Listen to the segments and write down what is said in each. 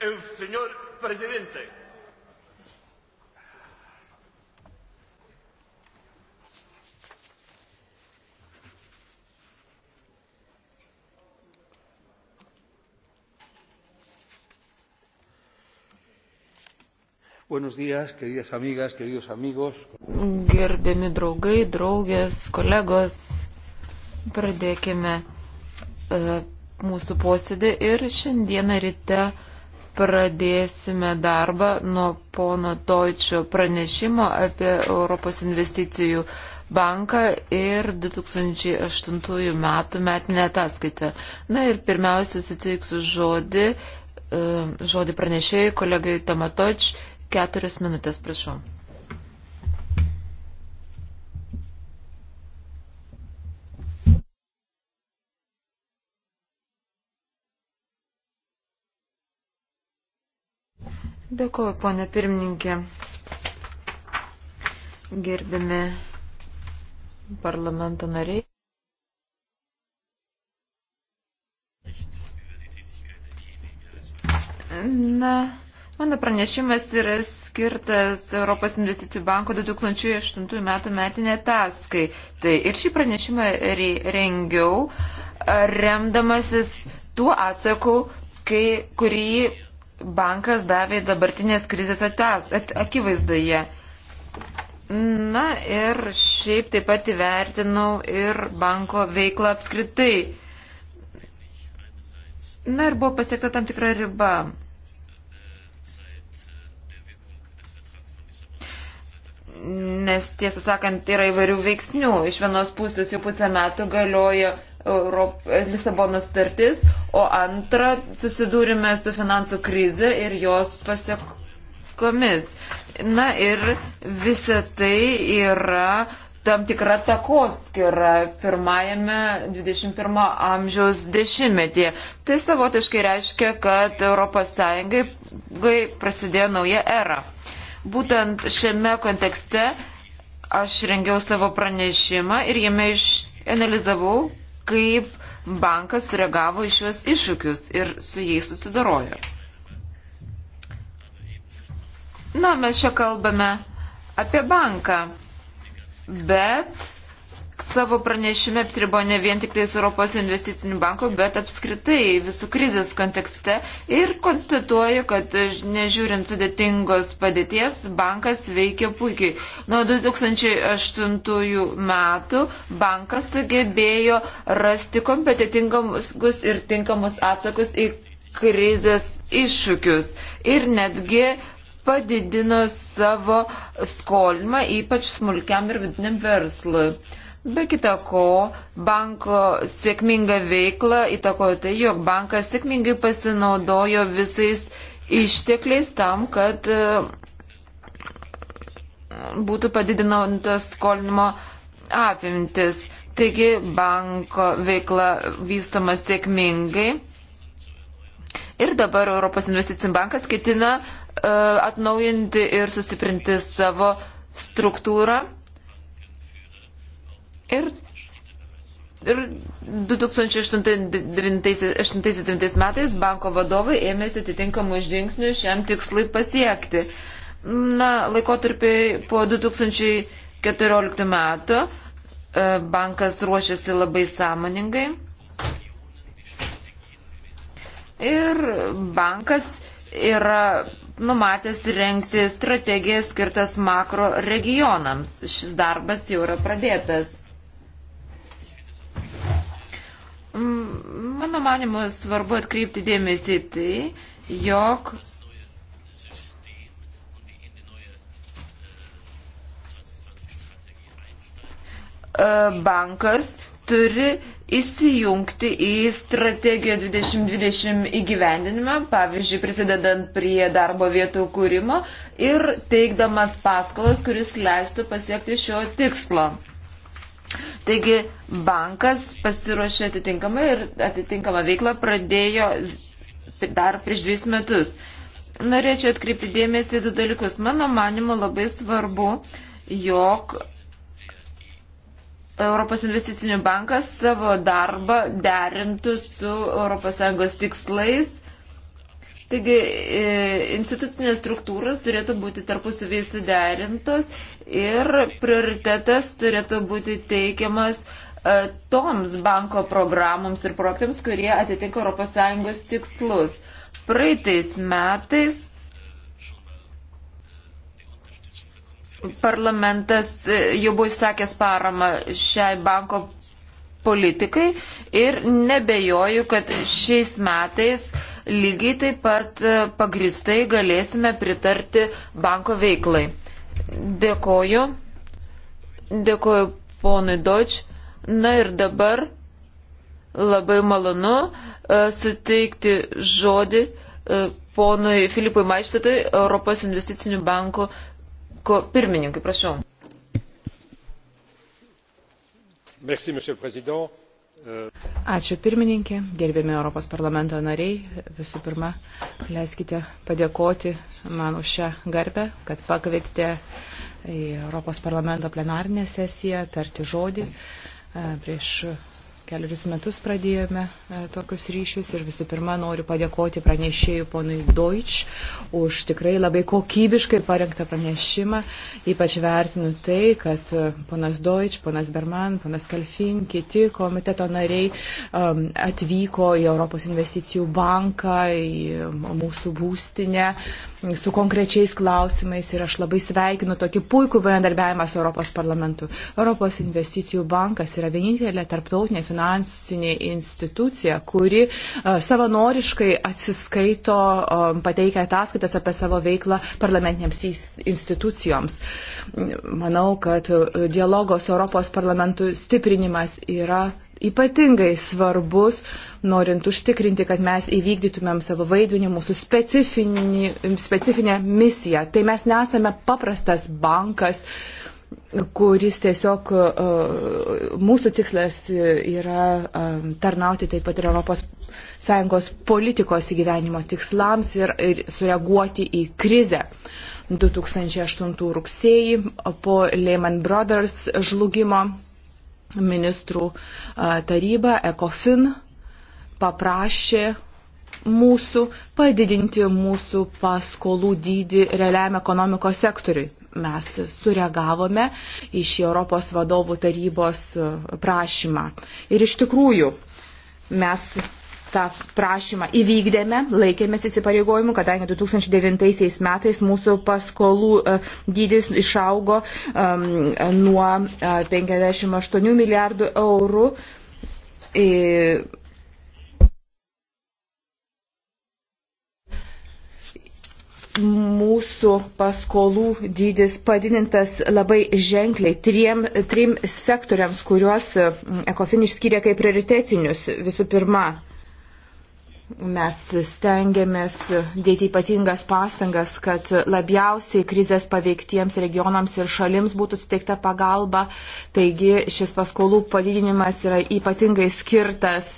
el señor presidente. Buenos días, queridas amigas, queridos amigos. Gerbiami draugai, draugės, kolegos, pradėkime e, mūsų posėdį ir šiandieną ryte pradėsime darbą nuo pono Toičio pranešimo apie Europos investicijų banką ir 2008 metų metinę ataskaitą. Na ir pirmiausia, suteiksiu žodį, e, žodį pranešėjai kolegai Tomatoč, keturias minutės, prašau. Dėkuoju, ponė pirmininkė. Gerbiami parlamento nariai. Na, mano pranešimas yra skirtas Europos investicijų banko 2008 metų metinė taskai. Tai ir šį pranešimą rengiau remdamasis tuo atsaku, kai, kurį bankas davė dabartinės krizės ates, at, akivaizdoje. Na ir šiaip taip pat įvertinau ir banko veiklą apskritai. Na ir buvo pasiekta tam tikra riba. Nes tiesą sakant, yra įvairių veiksnių. Iš vienos pusės jau pusę metų galioja Europ... Lisabonos sutartis, o antra, susidūrime su finansų krize ir jos pasiekomis. Na ir visa tai yra tam tikra takoskira pirmajame 21 amžiaus dešimtmetyje. Tai savotiškai reiškia, kad ES prasidėjo nauja era. Būtent šiame kontekste aš rengiau savo pranešimą ir jame išanalizavau kaip bankas reagavo iš juos iššūkius ir su jais susidarojo. Na, mes čia kalbame apie banką, bet savo pranešime apsiribo ne vien tik tais Europos investicinių bankų, bet apskritai visų krizės kontekste ir konstatuoju, kad e, nežiūrint sudėtingos padėties, bankas veikia puikiai. Nuo 2008 metų bankas sugebėjo rasti kompetitingus ir tinkamus atsakus į krizės iššūkius ir netgi padidino savo skolimą, ypač smulkiam ir vidiniam verslui. Be kita ko, banko sėkminga veikla įtakojo tai, jog bankas sėkmingai pasinaudojo visais ištekliais tam, kad e, būtų padidinantos skolinimo apimtis. Taigi banko veikla vystoma sėkmingai. Ir dabar Europos investicijų bankas ketina uh, atnaujinti ir sustiprinti savo struktūrą. Ir Ir 2008-2009 metais banko vadovai ėmėsi atitinkamų žingsnių šiam tikslui pasiekti. Na, laikotarpiai po 2014 metų e, bankas ruošiasi labai sąmoningai. Ir bankas yra numatęs rengti strategiją skirtas makro regionams. Šis darbas jau yra pradėtas. Mano manimu svarbu atkreipti dėmesį tai, jog e, bankas turi įsijungti į strategiją 2020 įgyvendinimą, pavyzdžiui, prisidedant prie darbo vietų kūrimo ir teikdamas paskolas, kuris leistų pasiekti šio tikslo. Taigi bankas pasiruošė atitinkamai ir atitinkamą veiklą pradėjo dar prieš dviejus metus. Norėčiau atkreipti dėmesį į du dalykus. Mano manimo labai svarbu, jog Europos investicinių bankas savo darbą derintų su ES tikslais. Taigi institucinės struktūros turėtų būti tarpusavėje suderintos ir prioritetas turėtų būti teikiamas e, toms banko programoms ir projektams, kurie atitinka ES tikslus. Praeitais metais parlamentas e, jau buvo išsakęs paramą šiai banko politikai ir nebejoju, kad šiais metais lygiai taip pat e, pagristai galėsime pritarti banko veiklai. Dėkoju. Dėkoju ponui Doč. Na ir dabar labai malonu e, suteikti žodį e, ponui Filipui Maištatui, Europos investicinių bankų pirmininkui. Prašau. Merci, Ačiū pirmininkė, gerbėmi Europos parlamento nariai. Visų pirma, leiskite padėkoti man už šią garbę, kad pakvietėte į Europos parlamento plenarinę sesiją tarti žodį e, prieš keliarius metus pradėjome e, tokius ryšius ir visų pirma noriu padėkoti pranešėjui ponui Deutsch už tikrai labai kokybiškai parengtą pranešimą. Ypač vertinu tai, kad e, ponas Deutsch, ponas Berman, ponas Kalfin, kiti komiteto nariai um, atvyko į Europos investicijų banką, į mūsų būstinę su konkrečiais klausimais ir aš labai sveikinu tokį puikų bendarbiavimą su Europos parlamentu. Europos investicijų bankas yra vienintelė tarptautinė finansinė finansinė institucija, kuri e, savanoriškai atsiskaito, e, pateikia ataskaitas apie savo veiklą parlamentinėms institucijoms. Manau, kad e, dialogos Europos parlamentų stiprinimas yra ypatingai svarbus, norint užtikrinti, kad mes įvykdytumėm savo vaidmenį, mūsų specifinį, specifinę misiją. Tai mes nesame paprastas bankas, uh, kuris tiesiog e, mūsų tikslas yra e, tarnauti taip pat ir ES politikos įgyvenimo tikslams ir, ir sureaguoti į krizę. 2008 rugsėjį po Lehman Brothers žlugimo ministrų e, taryba ECOFIN paprašė mūsų padidinti mūsų paskolų dydį realiam ekonomikos sektoriui mes sureagavome iš Europos vadovų tarybos prašymą. Ir iš tikrųjų mes tą prašymą įvykdėme, laikėmės įsipareigojimų, kadangi 2009 metais mūsų paskolų e, dydis išaugo um, nuo 58 e, milijardų eurų. Ir e, mūsų paskolų dydis padidintas labai ženkliai trim, trim sektoriams, kuriuos mm, Ekofin išskyrė kaip prioritetinius. Visų pirma, Mes stengiamės dėti ypatingas pastangas, kad labiausiai krizės paveiktiems regionams ir šalims būtų suteikta pagalba. Taigi šis paskolų padidinimas yra ypatingai skirtas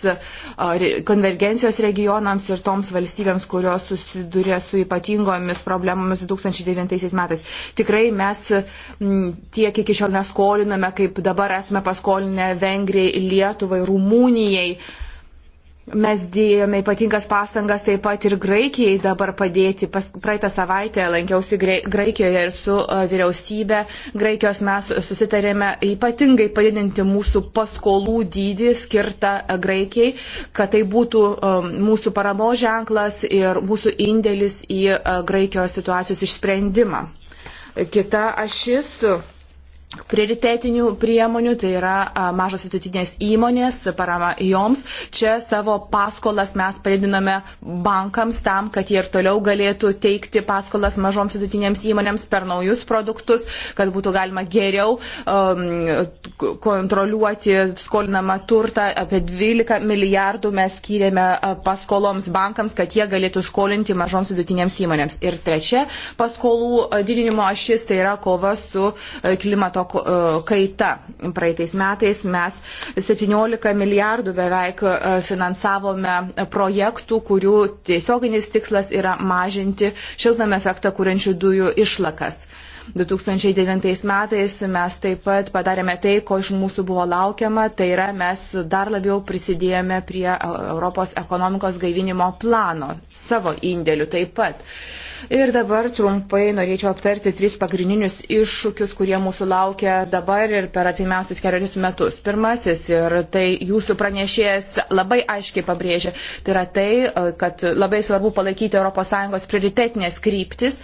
konvergencijos regionams ir toms valstybėms, kurios susidurė su ypatingomis problemomis 2009 metais. Tikrai mes tiek iki šiol neskoliname, kaip dabar esame paskolinę Vengrijai, Lietuvai, Rumunijai Mes dėjome ypatingas pastangas taip pat ir Graikijai dabar padėti. Pas, praeitą savaitę lankiausi Graikijoje ir su e, vyriausybė. Graikijos mes susitarėme ypatingai padidinti mūsų paskolų dydį skirtą e, Graikijai, kad tai būtų e, mūsų paramo ženklas ir mūsų indėlis į Graikijos situacijos išsprendimą. Kita ašis prioritetinių priemonių, tai yra mažos vidutinės įmonės, parama joms. Čia savo paskolas mes padidiname bankams tam, kad jie ir toliau galėtų teikti paskolas mažoms vidutinėms įmonėms per naujus produktus, kad būtų galima geriau um, kontroliuoti skolinamą turtą. Apie 12 milijardų mes skyrėme paskoloms bankams, kad jie galėtų skolinti mažoms vidutinėms įmonėms. Ir trečia paskolų didinimo ašis tai yra kova su klimato klimato e, kaita. Praeitais metais mes 17 milijardų beveik e, finansavome projektų, kurių tiesioginis tikslas yra mažinti šiltnamio efektą kūrenčių dujų išlakas. 2009 metais mes taip pat padarėme tai, ko iš mūsų buvo laukiama, tai yra mes dar labiau prisidėjome prie Europos ekonomikos gaivinimo plano savo indėliu taip pat. Uh, Ir dabar trumpai norėčiau aptarti tris pagrindinius iššūkius, kurie mūsų laukia dabar ir per ateimiausius kelius metus. Pirmasis, ir tai jūsų pranešėjas labai aiškiai pabrėžė, tai yra tai, e, kad labai svarbu palaikyti ES prioritetinės kryptis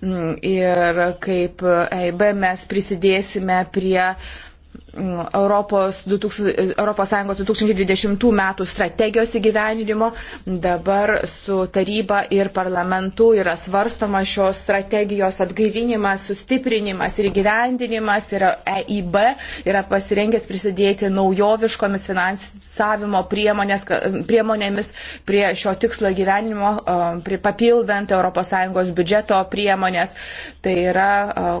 mm, ir kaip EIB e mes prisidėsime prie Europos, 2000, Europos Sąjungos 2020 metų strategijos įgyvenimo. Dabar su taryba ir parlamentu yra svarstoma šios strategijos atgaivinimas, sustiprinimas ir įgyvendinimas. Ir EIB yra pasirengęs prisidėti naujoviškomis finansavimo priemonėmis prie šio tikslo įgyvenimo, papildant Europos Sąjungos biudžeto priemonės. Tai yra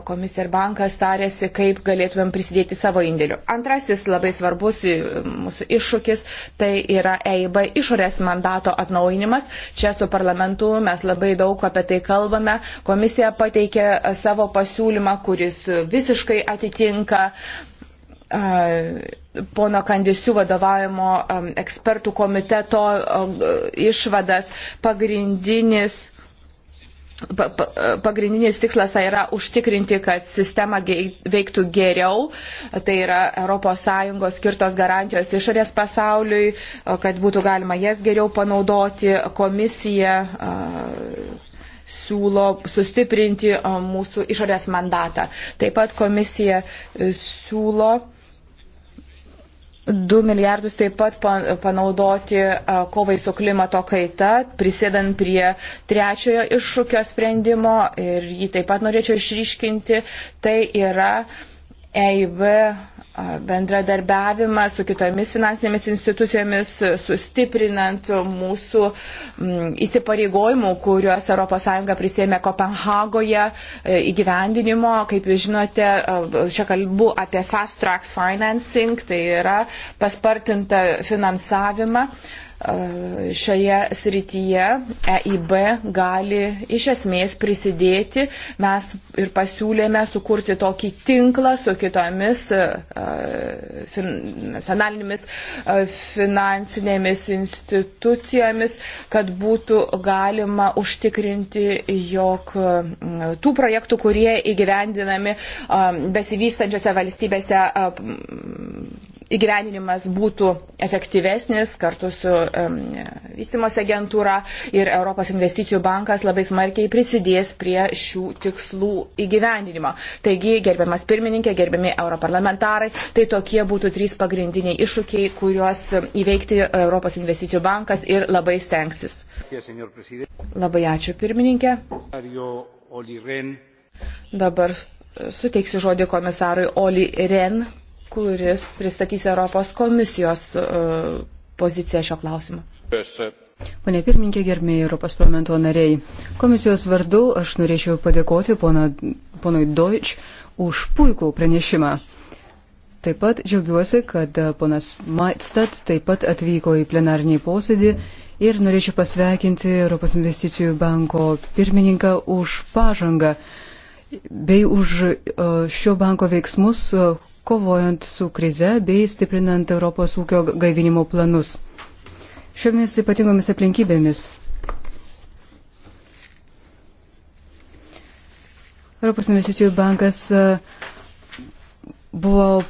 komisija ir bankas tarėsi, kaip galėtumėm prisidėti savo indėlį indėlių. Antrasis labai svarbus e, mūsų iššūkis tai yra EIB išorės mandato atnaujinimas. Čia su parlamentu mes labai daug apie tai kalbame. Komisija pateikė e, savo pasiūlymą, kuris visiškai atitinka. Uh, pono Kandisių vadovaujamo ekspertų komiteto išvadas pagrindinis pagrindinis tikslas tai yra užtikrinti, kad sistema veiktų geriau, tai yra ES skirtos garantijos išorės pasauliui, kad būtų galima jas geriau panaudoti, komisija siūlo sustiprinti mūsų išorės mandatą. Taip pat komisija e, siūlo 2 milijardus taip pat panaudoti kovai su klimato kaita, prisėdant prie trečiojo iššūkio sprendimo ir jį taip pat norėčiau išryškinti, tai yra EIB bendradarbiavimą su kitomis finansinėmis institucijomis, sustiprinant mūsų mm, įsipareigojimų, kuriuos ES prisėmė Kopenhagoje e, įgyvendinimo. Kaip jūs žinote, čia kalbu apie fast track financing, tai yra paspartinta finansavimą šioje srityje EIB gali iš esmės prisidėti. Mes ir pasiūlėme sukurti tokį tinklą su kitomis e, nacionalinėmis e, finansinėmis institucijomis, kad būtų galima užtikrinti, jog tų projektų, kurie įgyvendinami e, besivystančiose valstybėse įgyveninimas būtų efektyvesnis kartu su um, vystimos agentūra ir Europos investicijų bankas labai smarkiai prisidės prie šių tikslų įgyvendinimo. Taigi, gerbiamas pirmininkė, gerbiami europarlamentarai, tai tokie būtų trys pagrindiniai iššūkiai, kuriuos įveikti Europos investicijų bankas ir labai stengsis. Labai ačiū pirmininkė. Dabar suteiksiu žodį komisarui Oli Ren kuris pristatys Europos komisijos e, poziciją šio klausimu. Pone pirmininkė, gerbėjai Europos parlamento nariai, komisijos vardu aš norėčiau padėkoti pono, ponui Deutsch už puikų pranešimą. Taip pat džiaugiuosi, kad ponas Maitstad taip pat atvyko į plenarinį posėdį ir norėčiau pasveikinti Europos investicijų banko pirmininką už pažangą bei už e, šio banko veiksmus, kovojant su krize bei stiprinant Europos ūkio gaivinimo planus. Šiomis ypatingomis aplinkybėmis Europos investicijų bankas e, buvo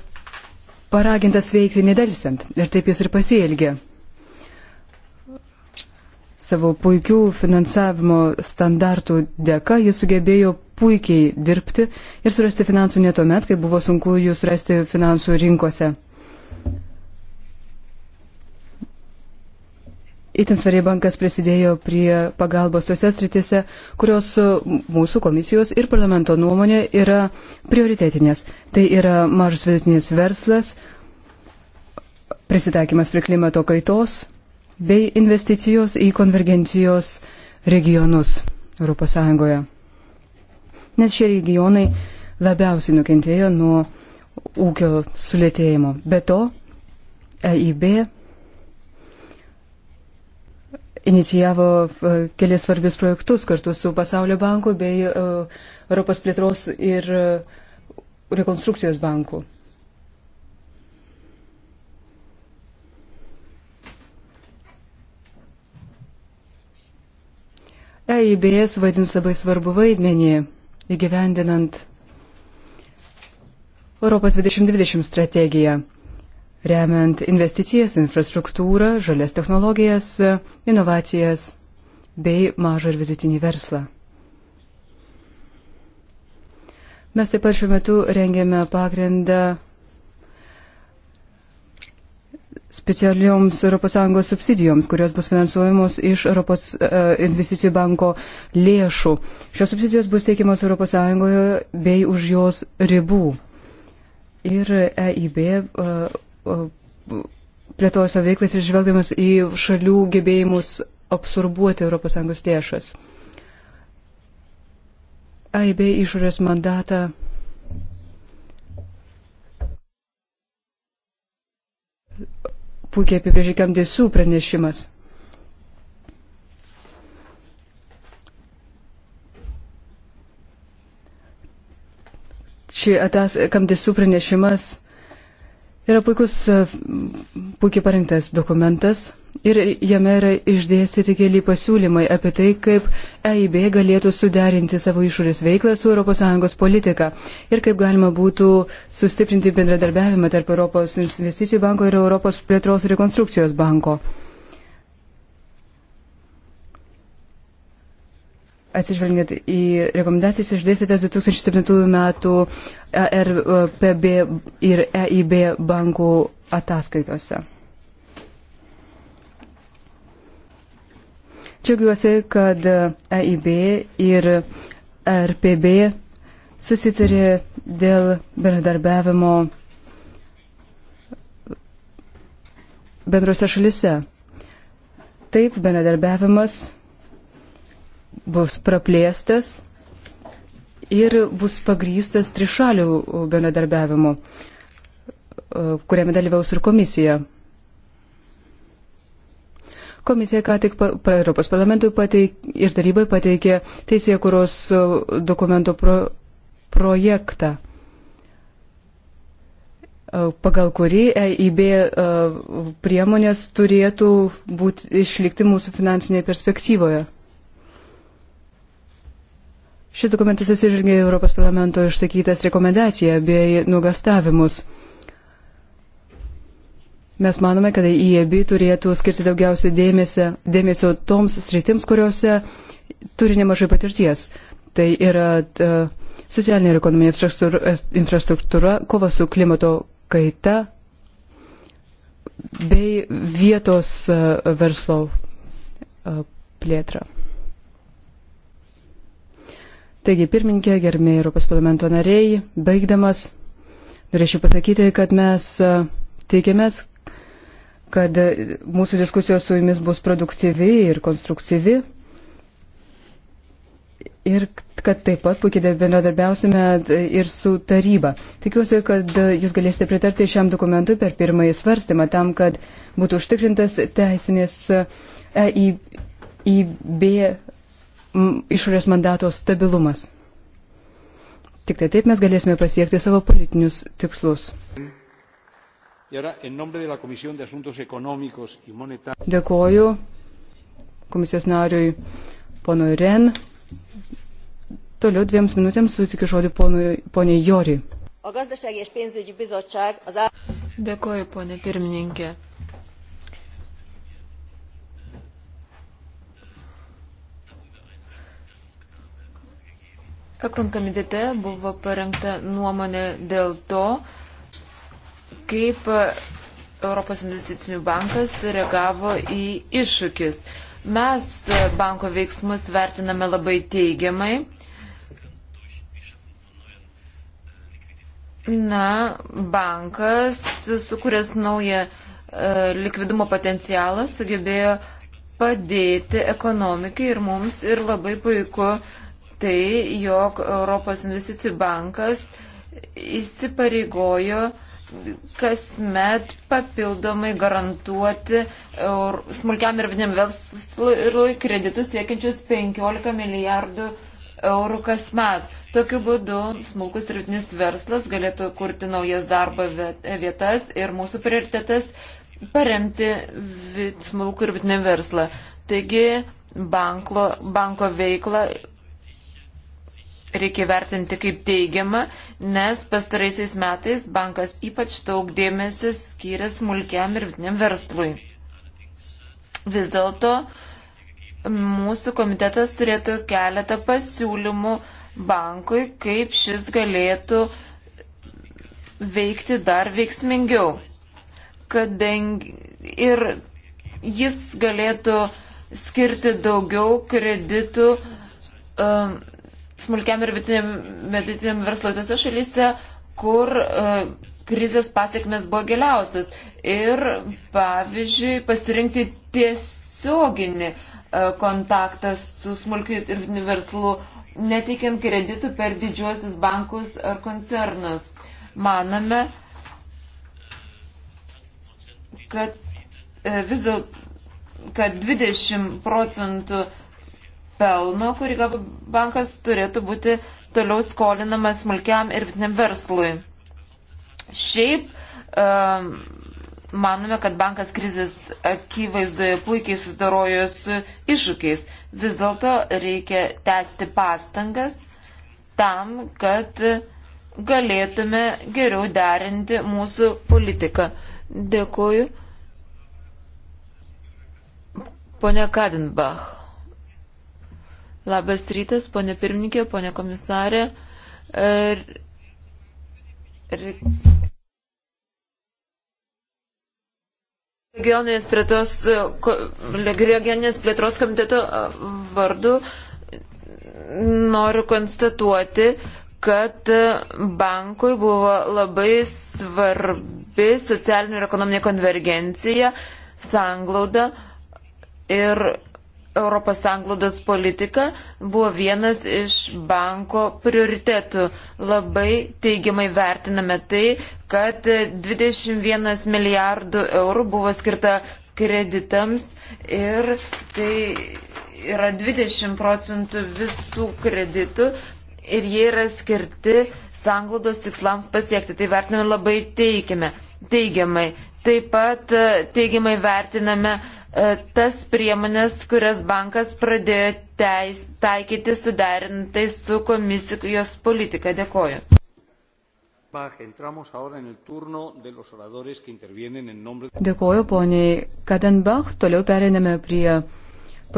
paragintas veikti nedelsiant ir taip jis ir pasielgė. Savo puikių finansavimo standartų dėka jis sugebėjo puikiai dirbti ir surasti finansų netuomet, kai buvo sunku jūs rasti finansų rinkose. Įtin svariai bankas prisidėjo prie pagalbos tose sritise, kurios mūsų komisijos ir parlamento nuomonė yra prioritetinės. Tai yra mažas vidutinis verslas, prisitaikymas prie klimato kaitos bei investicijos į konvergencijos regionus ES nes šie regionai labiausiai nukentėjo nuo ūkio sulėtėjimo. Be to, EIB inicijavo e, kelias svarbius projektus kartu su Pasaulio banku bei e, Europos plėtros ir e, rekonstrukcijos banku. EIB suvaidins labai svarbu vaidmenį įgyvendinant Europos 2020 strategiją, remiant investicijas, infrastruktūrą, žalias technologijas, inovacijas bei mažą ir vidutinį verslą. Mes taip pat šiuo metu rengiame pagrindą specialioms ES subsidijoms, kurios bus finansuojamos iš Europos e, investicijų banko lėšų. Šios subsidijos bus teikiamos ES bei už jos ribų. Ir EIB e, e, plėtojo savo veiklas ir žvelgdamas į šalių gebėjimus absorbuoti ES lėšas. EIB išorės mandatą puikiai apibrėžė Kamdėsų pranešimas. Ši atas, Kamdėsų pranešimas Yra puikus, e, puikiai parinktas dokumentas ir jame yra išdėstyti keli pasiūlymai apie tai, kaip EIB galėtų suderinti savo išorės veiklą su ES politika ir kaip galima būtų sustiprinti bendradarbiavimą tarp Europos investicijų banko ir Europos plėtros rekonstrukcijos banko. atsižvelgiant į rekomendacijas išdėstytas 2007 metų RPB ir EIB bankų ataskaitose. Džiaugiuosi, kad EIB ir RPB susitarė dėl bendradarbiavimo bendrose šalise. Taip, bendradarbiavimas bus praplėstas ir bus pagrystas trišalių bendradarbiavimu, e, kuriame dalyvaus ir komisija. Komisija ką tik pa, Europos parlamentui pateik, ir tarybai pateikė teisėje kuros e, dokumento pro, projektą, e, pagal kurį EIB priemonės turėtų būti išlikti mūsų finansinėje perspektyvoje. Šis dokumentas atsižvelgia Europos parlamento išsakytas rekomendaciją bei nuogastavimus. Mes manome, kad EIB turėtų skirti daugiausiai dėmesio, dėmesio toms sritims, kuriuose turi nemažai patirties. Tai yra ta, e, socialinė ir ekonominė infrastruktūra, infrastruktūra, kova su klimato kaita bei vietos e, verslo e, plėtra. Taigi, pirmininkė, gerbėjai Europos parlamento nariai, baigdamas, norėčiau pasakyti, kad mes e, tikimės, kad e, mūsų diskusijos su jumis bus produktyvi ir konstruktyvi. Ir kad taip pat puikiai bendradarbiausime e, ir su taryba. Tikiuosi, kad jūs galėsite pritarti šiam dokumentui per pirmąjį svarstymą tam, kad būtų užtikrintas teisinės EIB išorės mandato stabilumas. Tik tai taip mes galėsime pasiekti savo politinius tikslus. Dėkoju komisijos nariui ponui Ren. Toliau dviems minutėms sutikiu žodį poniai Jori. Dėkoju, ponė pirmininkė. Konkomitete buvo parengta nuomonė dėl to, kaip Europos investicinių bankas reagavo į iššūkis. Mes banko veiksmus vertiname labai teigiamai. Na, bankas, sukūręs naują e, likvidumo potencialą, sugebėjo padėti ekonomikai ir mums ir labai puiku tai, jog Europos investicijų bankas įsipareigojo kasmet papildomai garantuoti smulkiam ir vidiniam verslui kreditus siekiančius 15 milijardų eurų kasmet. Tokiu būdu smulkus ir vidinis verslas galėtų kurti naujas darbo vietas ir mūsų prioritetas paremti smulkų ir vidinį verslą. Taigi banklo, banko veiklą reikia vertinti kaip teigiamą, nes pastaraisiais metais bankas ypač daug dėmesio skyrė smulkiam ir vidiniam verslui. Vis dėlto mūsų komitetas turėtų keletą pasiūlymų bankui, kaip šis galėtų veikti dar veiksmingiau. Kadangi ir jis galėtų skirti daugiau kreditų um, smulkiam ir vidutiniam verslui tose šalyse, kur uh, krizės pasiekmes buvo giliausias. Ir, pavyzdžiui, pasirinkti tiesioginį uh, kontaktą su smulkiu ir vidutiniu verslu, neteikiant kreditų per didžiuosius bankus ar koncernus. Manome, kad uh, e, vis dėlto kad 20 procentų uh, pelno, kurį bankas turėtų būti toliau skolinamas smulkiam ir vidiniam verslui. Šiaip um, manome, kad bankas krizės akivaizdoje puikiai sudarojo su iššūkiais. Vis dėlto reikia tęsti pastangas tam, kad galėtume geriau derinti mūsų politiką. Dėkuoju. Pone Kadenbach. Labas rytas, ponė pirmininkė, ponė komisarė. Ir... Er, ir... Regioninės plėtros, regioninės plėtros komiteto vardu noriu konstatuoti, kad e, bankui buvo labai svarbi socialinė ir ekonominė konvergencija, sanglauda ir Europos sąnglaudos politika buvo vienas iš banko prioritetų. Labai teigiamai vertiname tai, kad 21 milijardų eurų buvo skirta kreditams ir tai yra 20 procentų visų kreditų ir jie yra skirti sąnglaudos tikslams pasiekti. Tai vertiname labai teigiamai. Taip pat teigiamai vertiname E, tas priemonės, kurias bankas pradėjo teis, taikyti suderintai su komisijos politika. Dėkoju. Dėkoju poniai Kadenbach. Toliau periname prie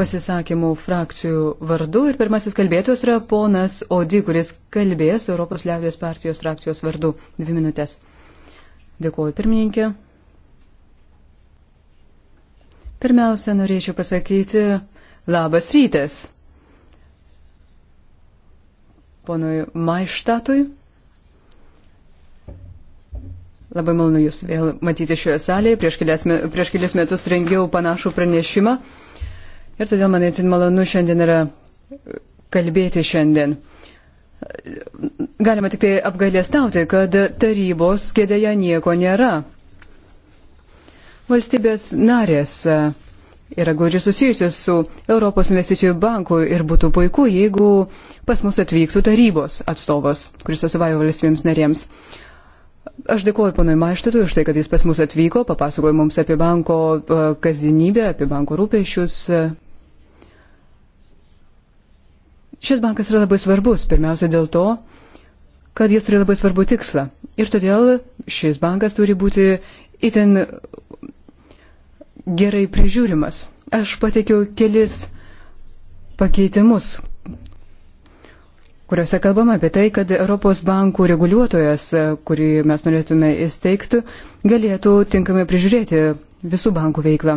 pasisakymų frakcijų vardu. Ir pirmasis kalbėtojas yra ponas Odi, kuris kalbės Europos liaudės partijos frakcijos vardu. Dvi minutės. Dėkoju pirmininkė. Pirmiausia, norėčiau pasakyti labas rytas. Ponui Maištatui. Labai malonu Jūs vėl matyti šioje salėje. Prieš kelias, prieš kelias metus rengiau panašų pranešimą. Ir todėl man itin malonu šiandien yra e, kalbėti šiandien. Galima tik tai apgailėstauti, kad tarybos kėdėje nieko nėra. Valstybės narės e, yra glaudžiai susijusios su Europos investicijų banku ir būtų puiku, jeigu pas mus atvyktų tarybos atstovas, kuris atstovauja valstybėms narėms. Aš dėkuoju ponui Maištatui už tai, kad jis pas mus atvyko, papasakojo mums apie banko e, kasdienybę, apie banko rūpešius. Šis bankas yra labai svarbus, pirmiausia dėl to, kad jis turi labai svarbų tikslą. Ir todėl šis bankas turi būti itin gerai prižiūrimas. Aš pateikiau kelis pakeitimus, kuriuose kalbama apie tai, kad Europos bankų reguliuotojas, kurį mes norėtume įsteigti, galėtų tinkamai prižiūrėti visų bankų veiklą.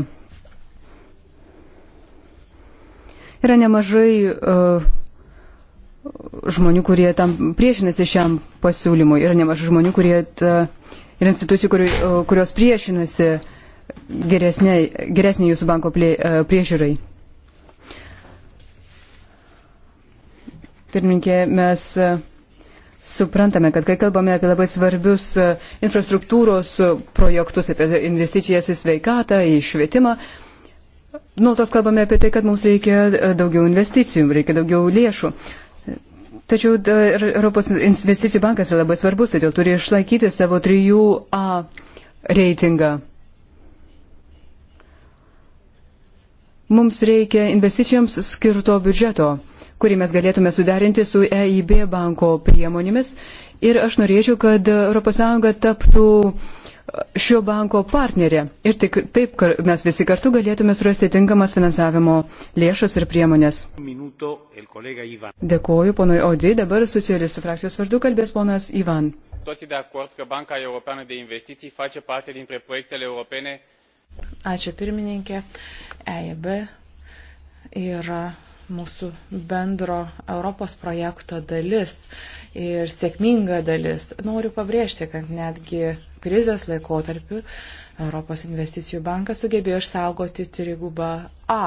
Yra nemažai uh, žmonių, kurie tam priešinasi šiam pasiūlymui, yra nemažai žmonių, kurie ta, uh, ir institucijų, kur, uh, kurios priešinasi uh, geresnį jūsų banko e, priežiūrai. Pirminkė, mes e, suprantame, kad kai kalbame apie labai svarbius e, infrastruktūros projektus, apie investicijas į sveikatą, į švietimą, nuolatos kalbame apie tai, kad mums reikia daugiau investicijų, reikia daugiau lėšų. Tačiau Europos investicijų bankas yra labai svarbus, todėl turi išlaikyti savo 3A reitingą. Mums reikia investicijoms skirto biudžeto, kurį mes galėtume suderinti su EIB banko priemonėmis. Ir aš norėčiau, kad ES taptų e, šio banko partnerė. Ir tik taip mes visi kartu galėtume surasti tinkamas finansavimo lėšas ir priemonės. Minuto, Dėkuoju, ponui Odi. Dabar socialistų frakcijos vardu kalbės ponas Ivan. Toți de acord că Banca Europeană de Investiții face parte dintre proiectele europene Ačiū pirmininkė. EIB yra mūsų bendro Europos projekto dalis ir sėkminga dalis. Noriu pabrėžti, kad netgi krizės laikotarpiu Europos investicijų bankas sugebėjo išsaugoti trigubą A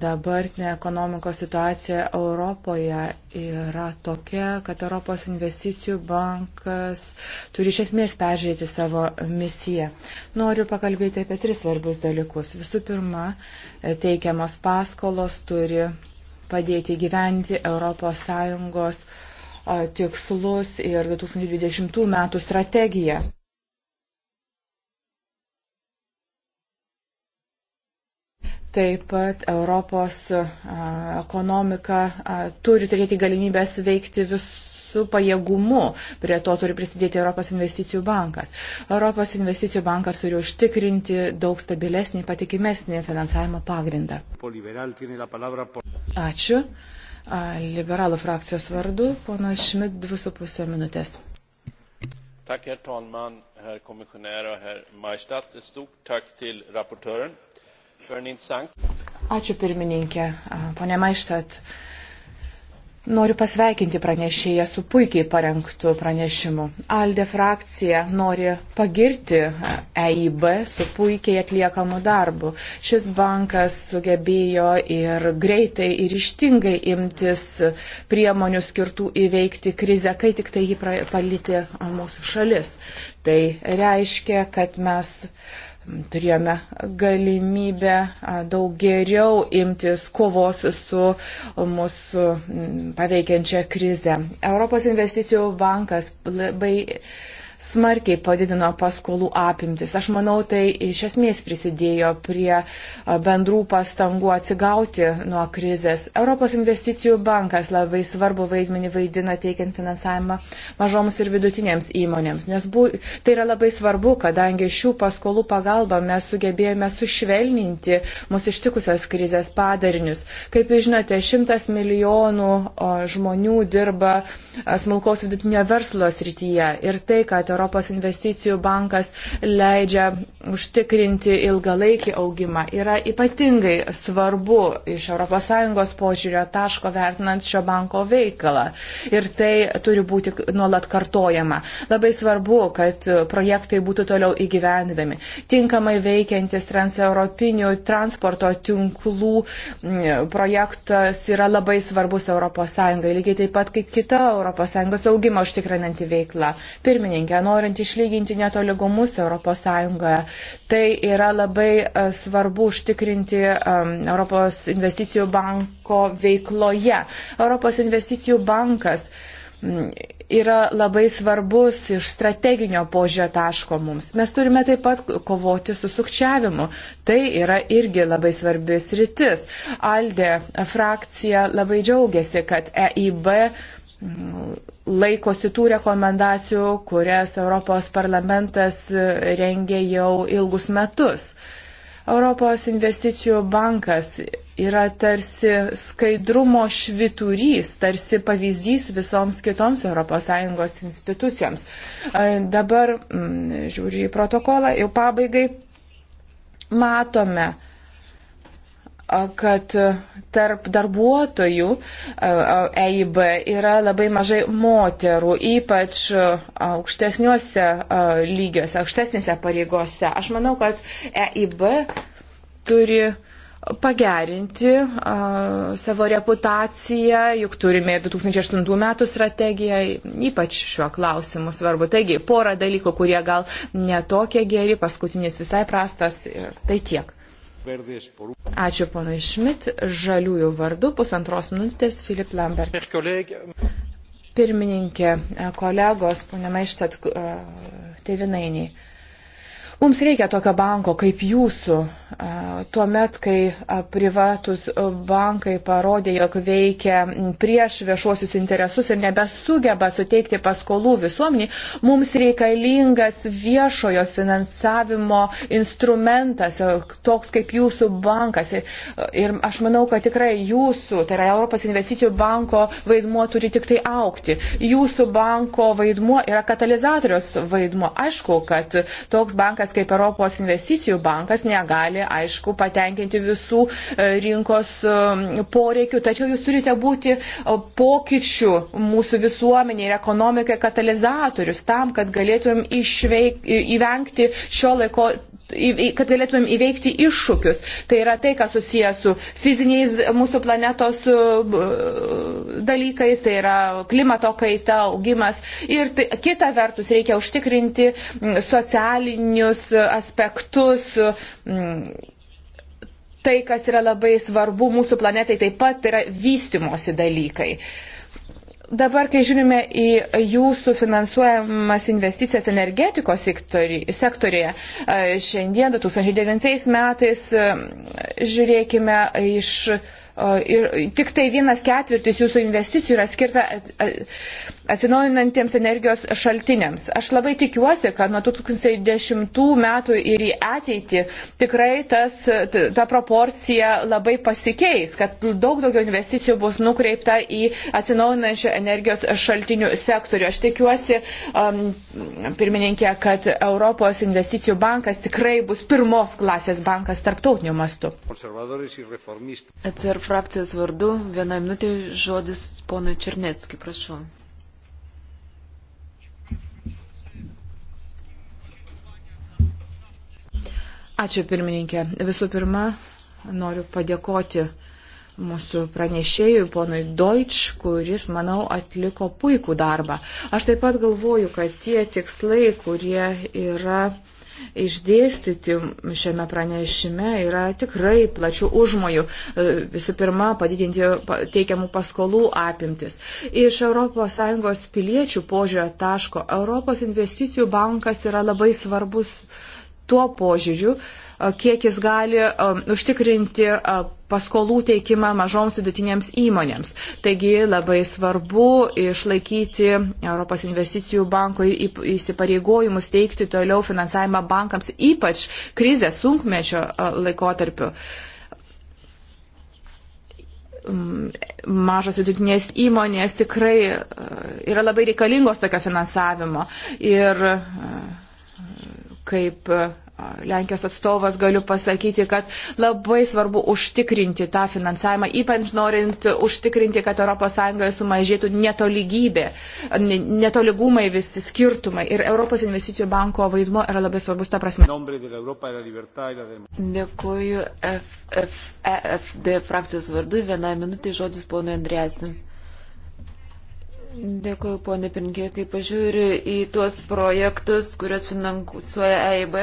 Dabartinė ekonomikos situacija Europoje yra tokia, kad Europos investicijų bankas turi iš esmės peržiūrėti savo misiją. Noriu pakalbėti apie tris svarbius dalykus. Visų pirma, teikiamos paskolos turi padėti gyventi ES tikslus ir 2020 metų strategiją. Taip pat Europos ekonomika turi turėti galimybės veikti visų pajėgumu. Prie to turi prisidėti Europos investicijų bankas. Europos investicijų bankas turi užtikrinti daug stabilesnį, patikimesnį finansavimo pagrindą. Ačiū. Liberalų frakcijos vardu, ponas Šmit, dvi su pusė minutės. Tack, herr talman, herr kommissionär och herr Majstad. Ett stort tack till rapportören. Ačiū pirmininkė, ponė Maištat. Noriu pasveikinti pranešėją su puikiai parengtu pranešimu. Alde frakcija nori pagirti EIB su puikiai atliekamu darbu. Šis bankas sugebėjo ir greitai, ir ištingai imtis priemonių skirtų įveikti krizę, kai tik tai jį palyti mūsų šalis. Tai reiškia, kad mes uh, turėjome galimybę daug geriau imtis kovos su mūsų paveikiančia krize. Europos investicijų bankas labai smarkiai padidino paskolų apimtis. Aš manau, tai iš esmės prisidėjo prie bendrų pastangų atsigauti nuo krizės. Europos investicijų bankas labai svarbu vaidmenį vaidina teikiant finansavimą mažoms ir vidutinėms įmonėms, nes bu, tai yra labai svarbu, kadangi šių paskolų pagalba mes sugebėjome sušvelninti mūsų ištikusios krizės padarinius. Kaip jūs žinote, šimtas milijonų žmonių dirba smulkaus vidutinio verslo srityje ir tai, kad kad Europos investicijų bankas leidžia užtikrinti ilgalaikį augimą, yra ypatingai svarbu iš ES požiūrio taško vertinant šio banko veiklą. Ir tai turi būti nuolat kartojama. Labai svarbu, kad projektai būtų toliau įgyvendami. Tinkamai veikiantis transeuropinių transporto tinklų projektas yra labai svarbus ES, lygiai taip pat kaip kita ES augimą užtikrinanti veikla. Pirmininkė, politiką, norint išlyginti netoligumus ES. Tai yra labai e, svarbu užtikrinti Europos investicijų banko veikloje. Europos investicijų bankas yra labai svarbus iš strateginio požio taško mums. Mes turime taip pat kovoti su sukčiavimu. Tai yra irgi labai svarbis rytis. Aldė frakcija labai džiaugiasi, kad EIB laikosi tų rekomendacijų, kurias Europos parlamentas rengia jau ilgus metus. Europos investicijų bankas yra tarsi skaidrumo šviturys, tarsi pavyzdys visoms kitoms ES institucijoms. E, dabar mm, žiūriu į protokolą, jau pabaigai matome, kad tarp darbuotojų EIB yra labai mažai moterų, ypač aukštesniuose lygiuose, aukštesnėse pareigose. Aš manau, kad EIB turi pagerinti a, savo reputaciją, juk turime 2008 metų strategiją, ypač šiuo klausimu svarbu. Taigi, pora dalykų, kurie gal netokie geri, paskutinis visai prastas ir tai tiek. Ačiū ponui Šmit, žaliųjų vardu, pusantros minutės Filip Lambert. Pirmininkė, kolegos, ponė Maištat, e, tevinainiai. Mums reikia tokio banko kaip jūsų. Tuomet, kai privatus bankai parodė, jog veikia prieš viešuosius interesus ir nebesugeba suteikti paskolų visuomeniai, mums reikalingas viešojo finansavimo instrumentas, toks kaip jūsų bankas. Ir aš manau, kad tikrai jūsų, tai yra Europos investicijų banko vaidmuo turi tik tai aukti. Jūsų banko vaidmuo yra katalizatorius vaidmuo. Aišku, kad toks bankas bankas kaip Europos investicijų bankas negali, aišku, patenkinti visų e, rinkos e, poreikių, tačiau jūs turite būti e, pokyčių mūsų visuomenė ir ekonomikai katalizatorius tam, kad galėtumėm išveik, įvengti šio laiko kad galėtumėm įveikti iššūkius. Tai yra tai, kas susijęs su fiziniais mūsų planetos e, dalykais, tai yra klimato kaita, augimas. Ir tai, kita vertus reikia užtikrinti socialinius aspektus tai, kas yra labai svarbu mūsų planetai, taip pat yra vystimosi dalykai. Dabar, kai žiūrime į jūsų finansuojamas investicijas energetikos sektorėje, e, šiandien 2009 metais e, žiūrėkime iš e, ir tik tai vienas ketvirtis jūsų investicijų yra skirta atsinaujinantiems energijos šaltiniams. Aš labai tikiuosi, kad nuo 2010 metų ir į ateitį tikrai tas, ta proporcija labai pasikeis, kad daug daugiau investicijų bus nukreipta į atsinaujinančių energijos šaltinių sektorių. Aš tikiuosi, um, pirmininkė, kad Europos investicijų bankas tikrai bus pirmos klasės bankas tarptautiniu mastu. Atsir frakcijos vardu, vieną minutę žodis ponui Černetskijui, prašau. Ačiū pirmininkė. Visų pirma, noriu padėkoti mūsų pranešėjui, ponui Deutsch, kuris, manau, atliko puikų darbą. Aš taip pat galvoju, kad tie tikslai, kurie yra išdėstyti šiame pranešime, yra tikrai plačių užmojų. E, visų pirma, padidinti teikiamų paskolų apimtis. Iš ES piliečių požiūrio taško Europos investicijų bankas yra labai svarbus tuo požiūriu, kiek jis gali užtikrinti paskolų teikimą mažoms vidutinėms įmonėms. Taigi labai svarbu išlaikyti Europos investicijų banko įsipareigojimus teikti toliau finansavimą bankams, ypač krizės sunkmečio laikotarpiu mažos vidutinės įmonės tikrai yra labai reikalingos tokio finansavimo. Ir kaip Lenkijos atstovas galiu pasakyti, kad labai svarbu užtikrinti tą finansavimą, ypač norint užtikrinti, kad ES sumažėtų netolygybė, netoligumai visi skirtumai. Ir Europos investicijų banko vaidmo yra labai svarbus ta prasme. Dėkuoju FFD e frakcijos vardu. Vieną minutę žodis ponui Andrėsniui. Dėkuoju, ponė Pirinkė, kai pažiūriu į tuos projektus, kuriuos finansuoja EIB,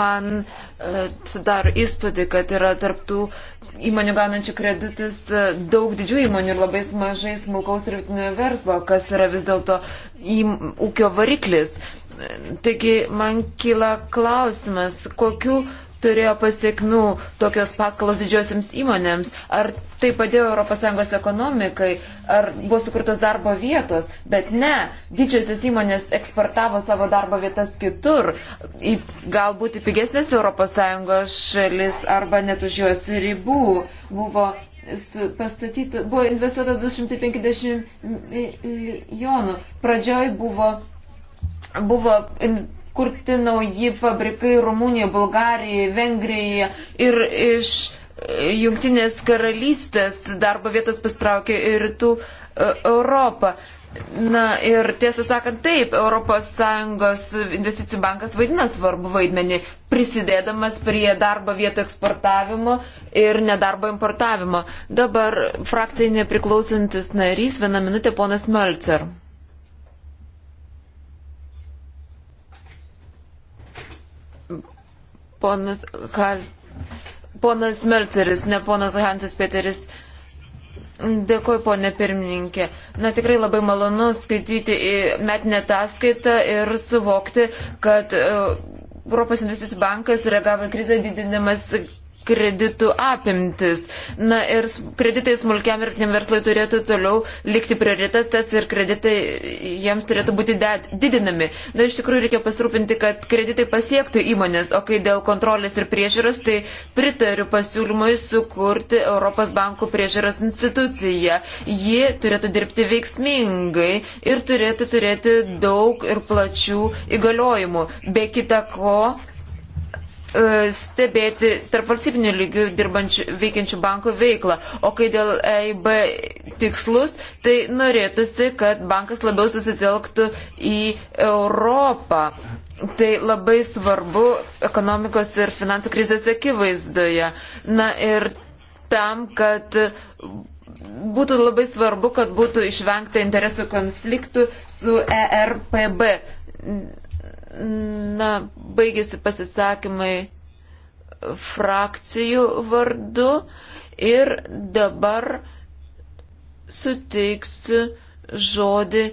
man e, sudaro įspūdį, kad yra tarptų įmonių gaunančių kreditus e, daug didžių įmonių ir labai mažai smulkaus ir vidutinio verslo, kas yra vis dėlto ūkio variklis. Taigi man kyla klausimas, kokiu turėjo pasiekmių tokios paskalos didžiosiams įmonėms, ar tai padėjo ES ekonomikai, ar buvo sukurtos darbo vietos, bet ne, didžiosios įmonės eksportavo savo darbo vietas kitur, į, galbūt į pigesnės ES šalis arba net už jos ribų buvo pastatyta, buvo investuota 250 milijonų. Pradžioj buvo, buvo in, kurti nauji fabrikai Rumunijoje, Bulgarijoje, Vengrijoje ir iš e, Junktinės karalystės darbo vietos pastraukė ir rytų e, Europą. Na ir tiesą sakant, taip, ES investicijų bankas vaidina svarbu vaidmenį, prisidėdamas prie darbo vietų eksportavimo ir nedarbo importavimo. Dabar frakcijai nepriklausantis narys, vieną minutę ponas Melcer. Ponas, Hal... ponas Melceris, ne ponas Hansas Peteris. Dėkuoju, ponė pirmininkė. Na, tikrai labai malonu skaityti į metinę ataskaitą ir suvokti, kad e, Europos investicijų bankas reagavo į krizę didinamas kreditų apimtis. Na ir kreditai smulkiam ir verslai turėtų toliau likti prioritetas ir kreditai jiems turėtų būti didinami. Na iš tikrųjų reikia pasirūpinti, kad kreditai pasiektų įmonės, o kai dėl kontrolės ir priežiūros, tai pritariu pasiūlymui sukurti Europos bankų priežiūros instituciją. Ji turėtų dirbti veiksmingai ir turėtų turėti daug ir plačių įgaliojimų. Be kita ko, E, stebėti tarp valstybinių lygių dirbančių, veikiančių bankų veiklą. O kai dėl EIB tikslus, tai norėtųsi, kad bankas labiau susitelktų į Europą. Tai labai svarbu ekonomikos ir finansų krizės akivaizdoje. Na ir tam, kad būtų labai svarbu, kad būtų išvengta interesų konfliktų su ERPB. Na, baigėsi pasisakymai frakcijų vardu ir dabar suteiksiu žodį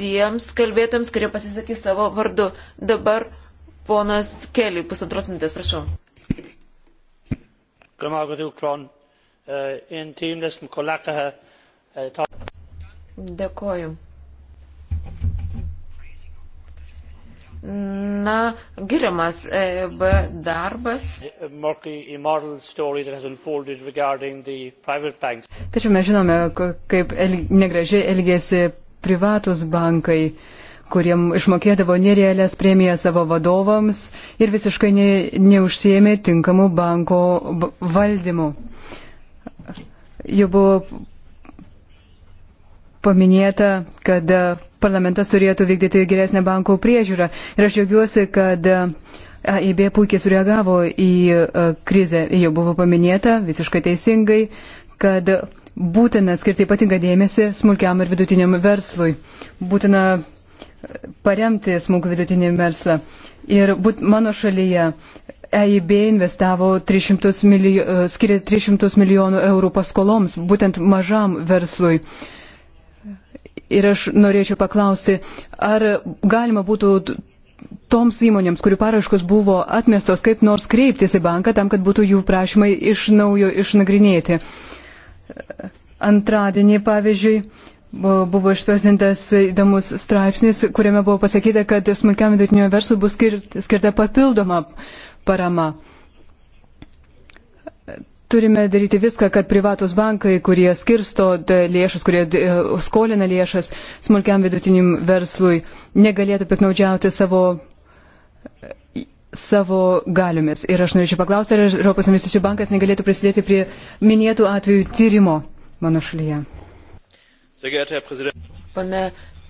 tiems kalbėtams, kurie pasisakys savo vardu. Dabar ponas Keliui, pusantros minutės, prašau. Dėkoju. na, giriamas EIB darbas. Tačiau mes žinome, kaip el, negražiai elgėsi privatus bankai kuriem išmokėdavo nerealias premijas savo vadovams ir visiškai ne, neužsiemė tinkamų banko valdymų. Jau buvo paminėta, kad parlamentas turėtų vykdyti geresnę bankų priežiūrą. Ir aš džiaugiuosi, kad EIB puikiai sureagavo į e, krizę. Jau buvo paminėta visiškai teisingai, kad būtina skirti ypatingą dėmesį smulkiam ir vidutiniam verslui. Būtina paremti smulkų vidutinį verslą. Ir būt mano šalyje EIB investavo 300 milijonų, e, skiria 300 milijonų eurų paskoloms, būtent mažam verslui. Ir aš norėčiau paklausti, ar galima būtų toms įmonėms, kurių paraškos buvo atmestos, kaip nors kreiptis į banką tam, kad būtų jų prašymai iš naujo išnagrinėti. Antradienį, pavyzdžiui, buvo išspausdintas įdomus straipsnis, kuriame buvo pasakyta, kad smulkiam vidutinio verslui bus skirta papildoma parama turime daryti viską, kad privatus bankai, kurie skirsto lėšas, kurie skolina lėšas smulkiam vidutiniam verslui, negalėtų piknaudžiauti savo, savo galiomis. Ir aš norėčiau paklausti, ar Europos investicijų bankas negalėtų prisidėti prie minėtų atvejų tyrimo mano šalyje. Pane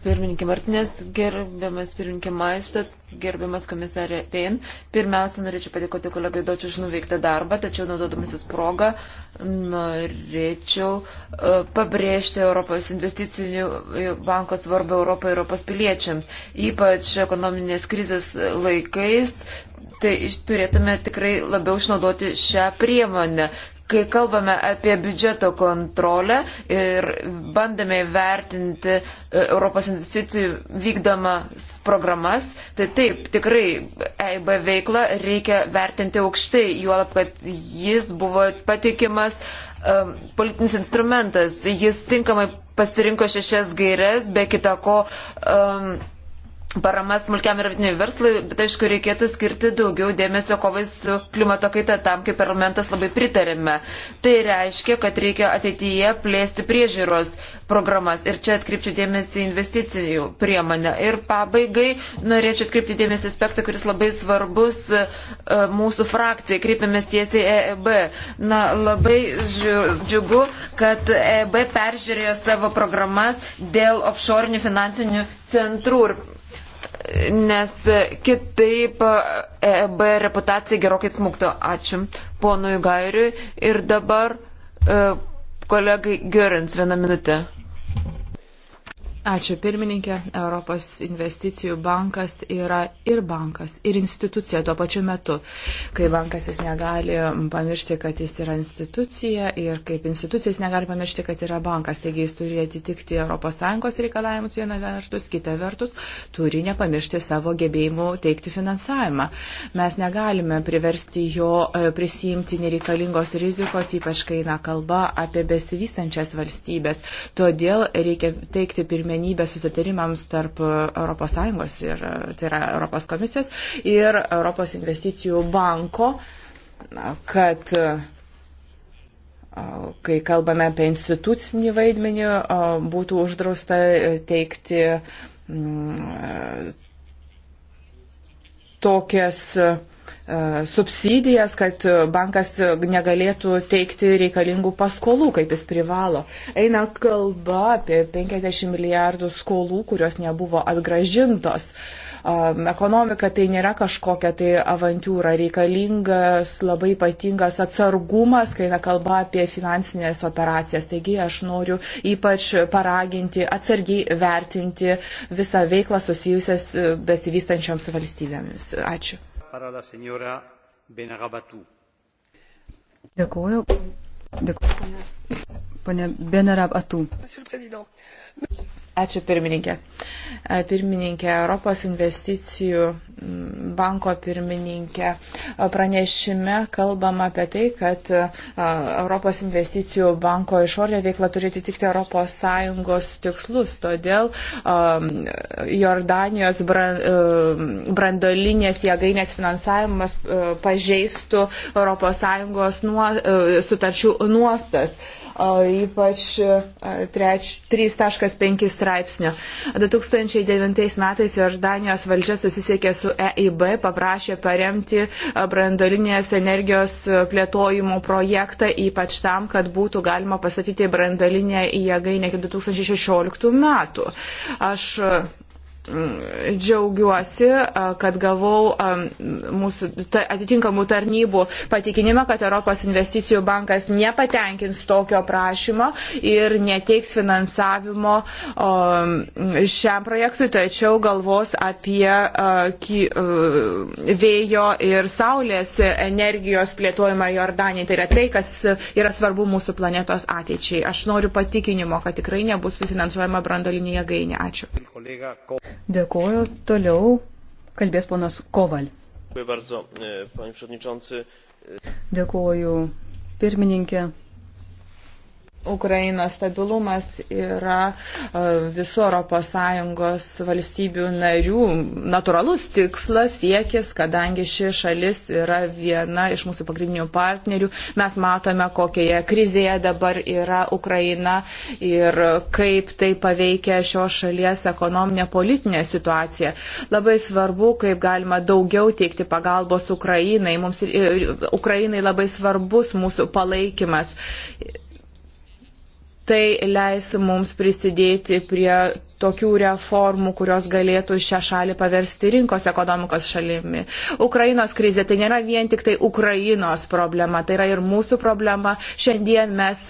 pirmininkė Martinės, gerbiamas pirmininkė Maistat, gerbiamas komisarė Rein. Pirmiausia, norėčiau padėkoti kolegai Dočiu už nuveiktą darbą, tačiau naudodamasis progą norėčiau uh, pabrėžti Europos investicinių banko svarbą Europai Europos piliečiams, ypač ekonominės krizės laikais. Tai turėtume tikrai labiau išnaudoti šią priemonę. Kai kalbame apie biudžeto kontrolę ir bandame vertinti e, Europos institucijų vykdomas programas, tai taip, tikrai EIB veiklą reikia vertinti aukštai, juolab, kad jis buvo patikimas um, politinis instrumentas, jis tinkamai pasirinko šešias gairias, be kita ko. Um, parama smulkiam ir vidiniam verslui, bet aišku, reikėtų skirti daugiau dėmesio kovai su klimato kaita, tam kaip parlamentas labai pritarėme. Tai reiškia, kad reikia ateityje plėsti priežiūros programas ir čia atkreipčiau dėmesį investicijų priemonę. Ir pabaigai norėčiau atkreipti dėmesį aspektą, kuris labai svarbus e, mūsų frakcijai, kreipiamės tiesiai EEB. Na, labai džiugu, kad EEB peržiūrėjo savo programas dėl offshore finansinių centrų. Ir nes kitaip EB e reputacija gerokai smūgtų. Ačiū ponui Gairiui ir dabar e, kolegai Görins vieną minutę. Ačiū pirmininkė. Europos investicijų bankas yra ir bankas, ir institucija tuo pačiu metu. Kai bankas jis negali pamiršti, kad jis yra institucija ir kaip institucija jis negali pamiršti, kad yra bankas. Taigi jis turi atitikti ES reikalavimus viena vertus, kita vertus turi nepamiršti savo gebėjimų teikti finansavimą. Mes negalime priversti jo e, prisijimti nereikalingos rizikos, ypač kai eina kalba apie besivystančias valstybės. Todėl reikia teikti pirmiausia pirmenybę susitarimams tarp ES ir tai yra Europos komisijos ir Europos investicijų banko, kad kai kalbame apie institucinį vaidmenį, būtų uždrausta e, teikti tokias E, subsidijas, kad bankas negalėtų teikti reikalingų paskolų, kaip jis privalo. Eina kalba apie 50 milijardų skolų, kurios nebuvo atgražintos. E, ekonomika tai nėra kažkokia tai avantūra, reikalingas labai ypatingas atsargumas, kai eina kalba apie finansinės operacijas. Taigi aš noriu ypač paraginti, atsargiai vertinti visą veiklą susijusias besivystančioms valstybėmis. Ačiū. Dėkuoju. Dėkuoju, ponė Benarab Atu. Ačiū pirmininkė. Pirmininkė Europos investicijų banko pirmininkė pranešime kalbama apie tai, kad Europos investicijų banko išorė veikla turi atitikti ES tikslus. Todėl Jordanijos brandolinės jėgainės finansavimas pažeistų ES nuo, sutarčių nuostas ypač 3.5 e, straipsnio. 2009 metais Jordanijos valdžia susisiekė su EIB, paprašė paremti e, brandolinės energijos e, plėtojimo projektą, ypač tam, kad būtų galima pasakyti brandolinę jėgainę iki 2016 metų. Aš džiaugiuosi, kad gavau mūsų atitinkamų tarnybų patikinimą, kad Europos investicijų bankas nepatenkins tokio prašymo ir neteiks finansavimo šiam projektui, tačiau galvos apie vėjo ir saulės energijos plėtojimą Jordanijai. Tai yra tai, kas yra svarbu mūsų planetos ateičiai. Aš noriu patikinimo, kad tikrai nebus finansuojama brandolinė jėgainė. Ačiū. Dėkuoju. Toliau kalbės ponas Koval. E, Dėkuoju, pirmininkė. Ukrainos stabilumas yra e, visų ES valstybių narių natūralus tikslas, siekis, kadangi ši šalis yra viena iš mūsų pagrindinių partnerių. Mes matome, kokioje krizėje dabar yra Ukraina ir kaip tai paveikia šios šalies ekonominę politinę situaciją. Labai svarbu, kaip galima daugiau teikti pagalbos Ukrainai. Mums, e, Ukrainai labai svarbus mūsų palaikymas. Tai leis mums prisidėti prie tokių reformų, kurios galėtų šią šalį paversti rinkos ekonomikos šalimi. Ukrainos krizė tai nėra vien tik tai Ukrainos problema, tai yra ir mūsų problema. Šiandien mes,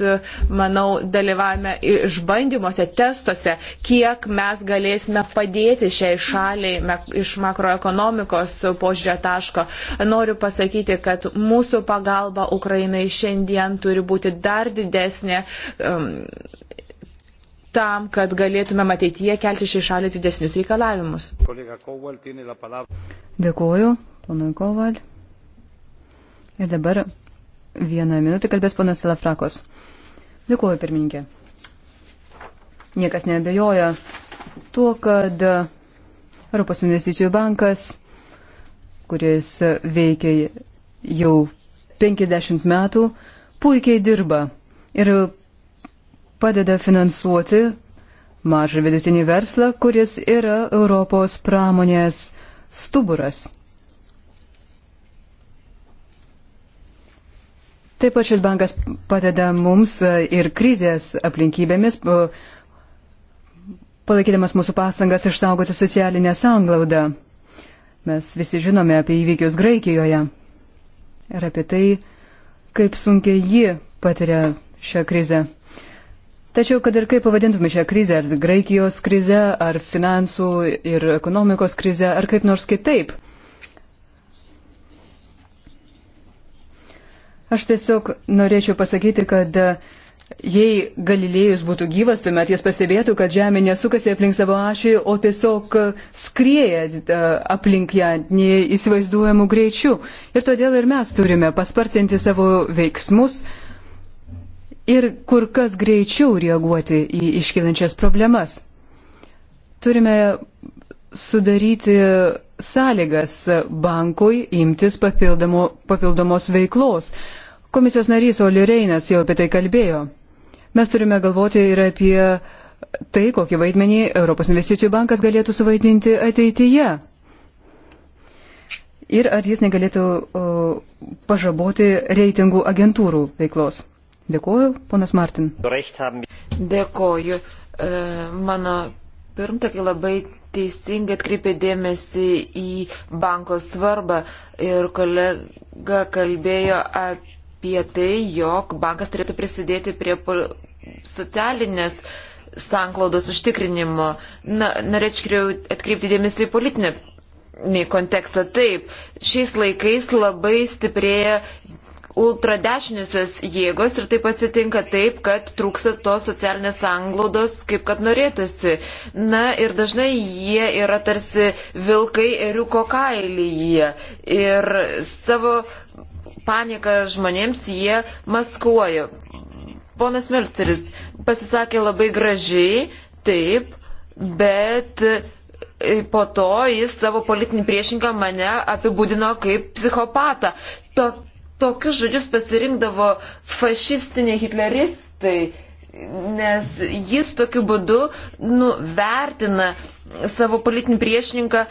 manau, dalyvavome išbandymuose, testuose, kiek mes galėsime padėti šiai šaliai iš makroekonomikos požiūrio taško. Noriu pasakyti, kad mūsų pagalba Ukrainai šiandien turi būti dar didesnė. Um, tam, kad galėtumėm ateityje kelti šį šalį didesnius reikalavimus. Dėkuoju, ponui Koval. Ir dabar vieną minutę kalbės ponas Elafrakos. Dėkuoju, pirmininkė. Niekas neabejoja tuo, kad Europos investicijų bankas, kuris veikia jau 50 metų, puikiai dirba ir padeda finansuoti mažą vidutinį verslą, kuris yra Europos pramonės stuburas. Taip pat šis bankas padeda mums ir krizės aplinkybėmis, palaikydamas mūsų pastangas išsaugoti socialinę sanglaudą. Mes visi žinome apie įvykius Graikijoje ir apie tai, kaip sunkiai ji patiria šią krizę. Tačiau, kad ir kaip pavadintume šią krizę, ar Graikijos krizę, ar finansų ir ekonomikos krizę, ar kaip nors kitaip, aš tiesiog norėčiau pasakyti, kad e, jei Galilėjus būtų gyvas, tuomet jis pastebėtų, kad Žemė nesukasi aplink savo ašį, o tiesiog e, skrieja e, aplink ją neįsivaizduojamų greičių. Ir todėl ir mes turime paspartinti savo veiksmus ir kur kas greičiau reaguoti į iškilančias problemas. Turime sudaryti sąlygas bankui imtis papildomo, papildomos veiklos. Komisijos narys Oli Reinas jau apie tai kalbėjo. Mes turime galvoti ir apie tai, kokį vaidmenį Europos investicijų bankas galėtų suvaidinti ateityje. Ir ar jis negalėtų o, pažaboti reitingų agentūrų veiklos. Dėkuoju, ponas Martin. Dėkuoju. E, mano pirmtakai labai teisingai atkreipė dėmesį į banko svarbą ir kolega kalbėjo apie tai, jog bankas turėtų prisidėti prie socialinės sanklaudos užtikrinimo. Na, norėčiau atkreipti dėmesį į politinę kontekstą. Taip, šiais laikais labai stiprėja ultradešiniosios jėgos ir taip atsitinka taip, kad trūksta tos socialinės anglaudos, kaip kad norėtųsi. Na ir dažnai jie yra tarsi vilkai eriuko kailyje ir savo paniką žmonėms jie maskuoja. Ponas Melceris pasisakė labai gražiai, taip, bet po to jis savo politinį priešinką mane apibūdino kaip psichopatą. Tok tokius žodžius pasirinkdavo fašistiniai hitleristai, nes jis tokiu būdu nuvertina savo politinį priešininką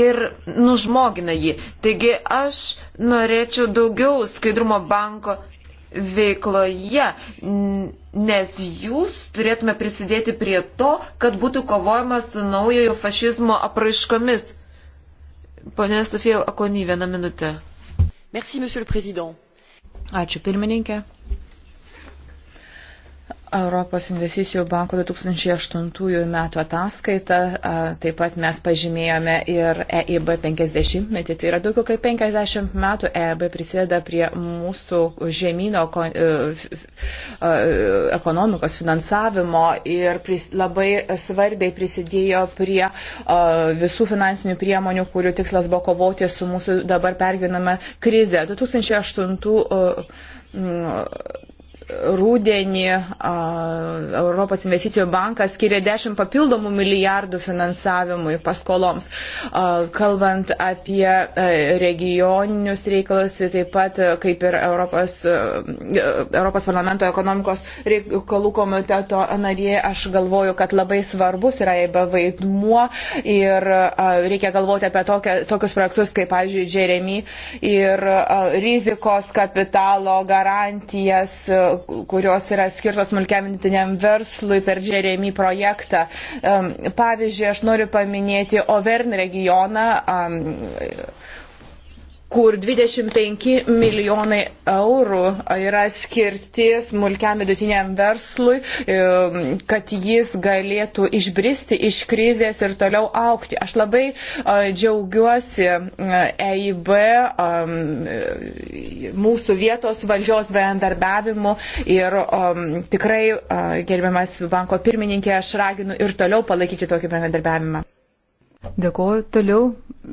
ir nužmogina jį. Taigi aš norėčiau daugiau skaidrumo banko veikloje, nes jūs turėtume prisidėti prie to, kad būtų kovojama su naujojo fašizmo apraiškomis. Pone Sofija Akony, vieną minutę. Merci, Ačiū pirmininkė. Europos investicijų banko 2008 metų ataskaita, taip pat mes pažymėjome ir EIB 50 metį, tai yra daugiau kaip 50 metų EIB prisideda prie mūsų žemynų e, ekonomikos finansavimo ir labai svarbiai prisidėjo prie visų finansinių priemonių, kurių tikslas buvo kovoti su mūsų dabar pergyvenama krize. 2008 rūdienį Europos investicijų bankas skiria 10 papildomų milijardų finansavimui paskoloms. Kalbant apie regioninius reikalus, tai taip pat kaip ir Europos, e, Europos parlamento ekonomikos reikalų komiteto narė, aš galvoju, kad labai svarbus yra EIB vaidmuo ir reikia galvoti apie tokia, tokius projektus kaip, pavyzdžiui, Jeremy ir rizikos kapitalo garantijas kurios yra skirtos smulkiam vidutiniam verslui per Džeremi projektą. Pavyzdžiui, aš noriu paminėti Overn regioną kur 25 milijonai eurų yra skirti smulkiam vidutiniam verslui, kad jis galėtų išbristi iš krizės ir toliau aukti. Aš labai džiaugiuosi EIB e, mūsų vietos valdžios bendarbiavimu ir tikrai, gerbiamas banko pirmininkė, aš raginu ir toliau palaikyti tokį bendarbiavimą. Dėkuoju. Toliau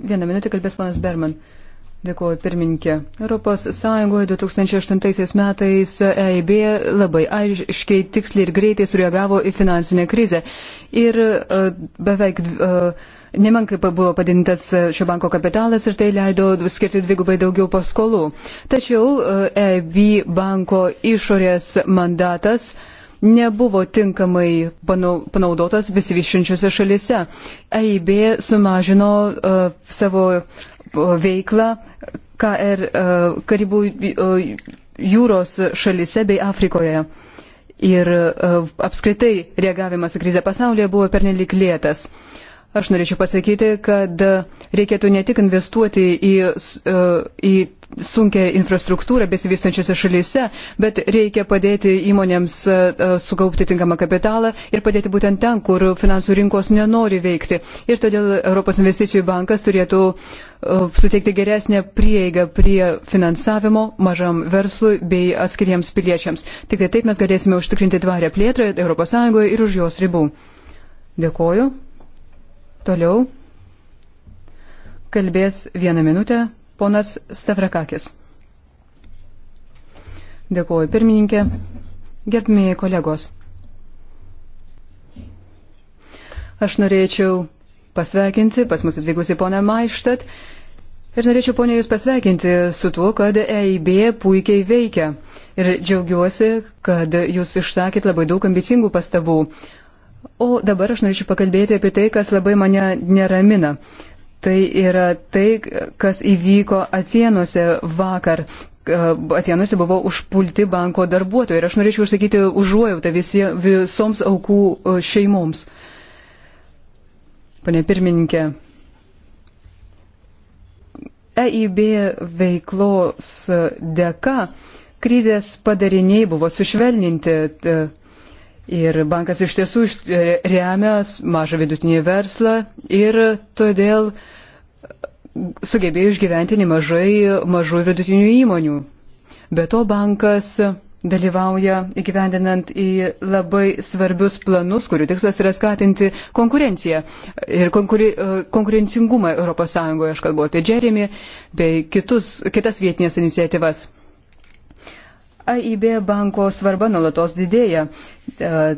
vieną minutę kalbės ponas Berman. Dėkuoju, pirmininkė. Europos Sąjungoje 2008 metais EIB labai aiškiai, tiksliai ir greitai sureagavo į finansinę krizę. Ir uh, beveik uh, nemenkai buvo padintas šio banko kapitalas ir tai leido skirti dvigubai daugiau paskolų. Tačiau uh, e, EIB banko išorės mandatas nebuvo tinkamai panaudotas besivyščiančiose šalise. EIB sumažino uh, savo veiklą KR, e, Karibų e, jūros šalise bei Afrikoje. Ir e, apskritai reagavimas į krizę pasaulyje buvo pernelik lėtas. Uh, Aš norėčiau pasakyti, kad reikėtų ne tik investuoti į, e, į sunkia infrastruktūra besivystančiose šalyse, bet reikia padėti įmonėms e, e, sukaupti tinkamą kapitalą ir padėti būtent ten, kur finansų rinkos nenori veikti. Ir todėl Europos investicijų bankas turėtų suteikti geresnę prieigą prie finansavimo mažam verslui bei atskiriems piliečiams. Tik tai taip mes galėsime užtikrinti tvarę plėtrą ES ir už jos ribų. Dėkoju. Toliau kalbės vieną minutę ponas Stavrakakis. Dėkuoju pirmininkė, gerbimieji kolegos. Aš norėčiau pasveikinti pas mus atvykusi ponę Maištat ir norėčiau ponę Jūs pasveikinti su tuo, kad EIB puikiai veikia. Ir džiaugiuosi, kad Jūs išsakėt labai daug ambicingų pastabų. O dabar aš norėčiau pakalbėti apie tai, kas labai mane neramina. Tai yra tai, kas įvyko Atsienuose vakar. Atsienuose buvo užpulti banko darbuotojai ir aš norėčiau užsakyti užuojautą visie, visoms aukų šeimoms. Pane pirmininkė, EIB veiklos dėka krizės padariniai buvo sušvelninti. T, Ir bankas iš tiesų e, remia mažą vidutinį verslą ir todėl sugebėjo išgyventi nemažai mažų ir vidutinių įmonių. Be to bankas dalyvauja įgyvendinant į labai svarbius planus, kurių tikslas yra skatinti konkurenciją ir konkuri, e, konkurencingumą ES. Aš kalbu apie Jeremy bei kitus, kitas vietinės iniciatyvas. AIB banko svarba nuolatos didėja. E,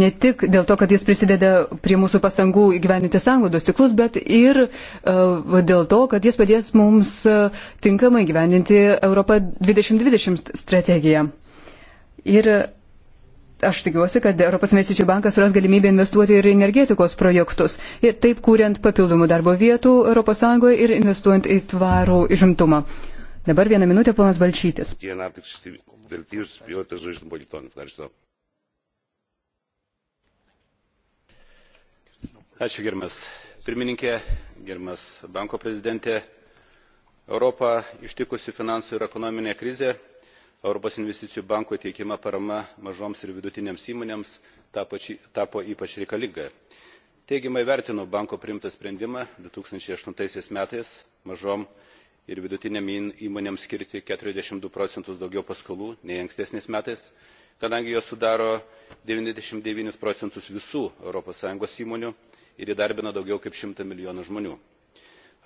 ne tik dėl to, kad jis prisideda prie mūsų pastangų įgyveninti sanglaudos tiklus, bet ir e, dėl to, kad jis padės mums e, tinkamai gyveninti Europą 2020 strategiją. Ir aš tikiuosi, kad Europos investicijų bankas suras galimybę investuoti ir energetikos projektus ir taip kuriant papildomų darbo vietų ES ir investuojant į tvarų žimtumą. Dabar vieną minutę ponas Balčytis. Ačiū gerbiamas pirmininkė, gerbiamas banko prezidentė. Europą ištikusi finansų ir ekonominė krizė, Europos investicijų banko teikiama parama mažoms ir vidutinėms įmonėms tapo, tapo ypač reikalinga teigiamai vertinu banko priimtą sprendimą du tūkstančiai aštuoni metais mažoms ir vidutinėm įmonėms skirti 42 procentus daugiau paskolų nei ankstesniais metais, kadangi jos sudaro 99 procentus visų ES įmonių ir įdarbina daugiau kaip 100 milijonų žmonių.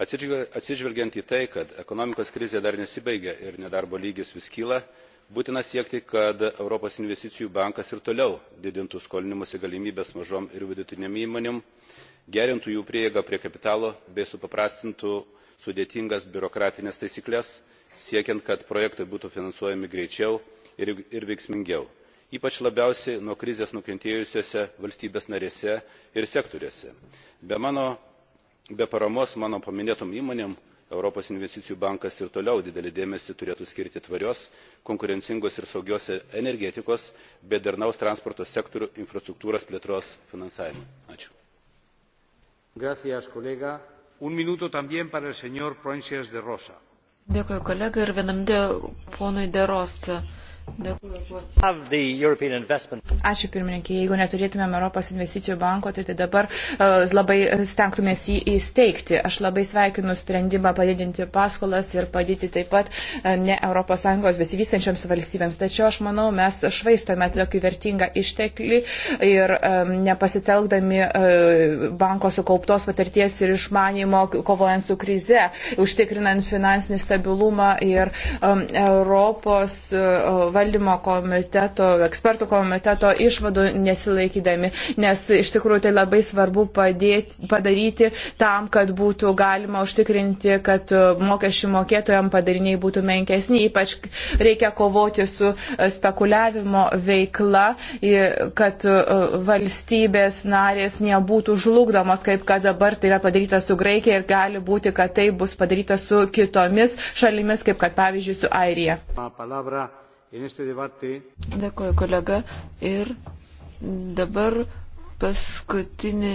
Atsižvelgiant į tai, kad ekonomikos krizė dar nesibaigia ir nedarbo lygis vis kyla, būtina siekti, kad Europos investicijų bankas ir toliau didintų skolinimuose galimybės mažom ir vidutiniam įmonėm, gerintų jų prieigą prie kapitalo bei supaprastintų sudėtingas biurokratines taisykles siekiant kad projektai būtų finansuojami greičiau ir veiksmingiau ypač labiausiai nuo krizės nukentėjusiose valstybėse narėse ir sektoriuose. be paramos mano paminėtoms įmonėms europos investicijų bankas ir toliau didelį dėmesį turėtų skirti tvarios konkurencingos ir saugios energetikos bei darnaus transporto sektorių infrastruktūros plėtros finansavimui. Un minuto también para el señor Proencias de Rosa. Dėkuoju kolegai ir vienam de, ponui Deros. Ačiū pirmininkė. Jeigu neturėtumėm Europos investicijų banko, tai, tai dabar uh, labai stengtumės jį įsteigti. Aš labai sveikinu sprendimą padidinti paskolas ir padėti taip pat uh, ne ES besivystančiams valstybėms. Tačiau aš manau, mes švaistome tokį vertingą išteklį ir um, nepasitelkdami uh, banko sukauptos patirties ir išmanimo kovojant su krize, užtikrinant finansinį stabilumą ir um, Europos. Uh, valdymo komiteto, ekspertų komiteto išvadų nesilaikydami, nes iš tikrųjų tai labai svarbu padėti, padaryti tam, kad būtų galima užtikrinti, kad mokesčių mokėtojams padariniai būtų menkesni, ypač reikia kovoti su e, spekuliavimo veikla, kad e, valstybės narės nebūtų žlugdomos, kaip kad dabar tai yra padaryta su Graikija ir gali būti, kad tai bus padaryta su kitomis šalimis, kaip kad pavyzdžiui su Airija. Palavra. Dėkuoju, kolega. Ir dabar paskutinį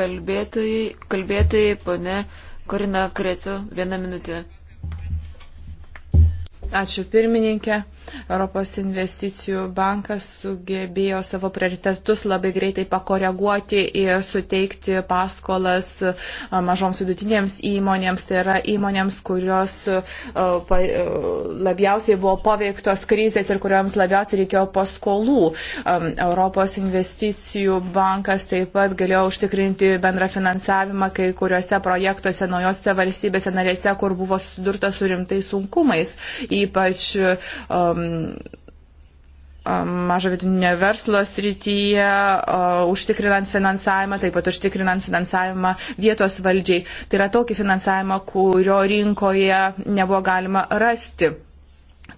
kalbėtojai, kalbėtojai pone Korina Kretu, vieną minutę. Ačiū pirmininkė. Europos investicijų bankas sugebėjo savo prioritetus labai greitai pakoreguoti ir suteikti paskolas mažoms vidutinėms įmonėms, tai yra įmonėms, kurios labiausiai buvo paveiktos krizės ir kuriuoms labiausiai reikėjo paskolų. Europos investicijų bankas taip pat galėjo užtikrinti bendrą finansavimą kai kuriuose projektuose naujose valstybėse narėse, kur buvo susidurta su rimtais sunkumais ypač um, um mažo vidinio verslo srityje, uh, užtikrinant finansavimą, taip pat užtikrinant finansavimą vietos valdžiai. Tai yra tokį finansavimą, kurio rinkoje nebuvo galima rasti.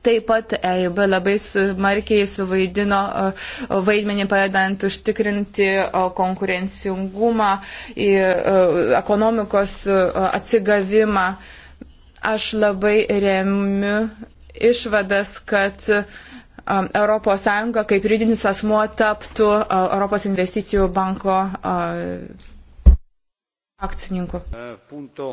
Taip pat EIB labai smarkiai suvaidino uh, vaidmenį padedant užtikrinti uh, konkurencingumą, ekonomikos atsigavimą. Aš labai remiu išvadas, kad um, ES kaip juridinis asmuo taptų uh, Europos investicijų banko uh, akcininku. Uh,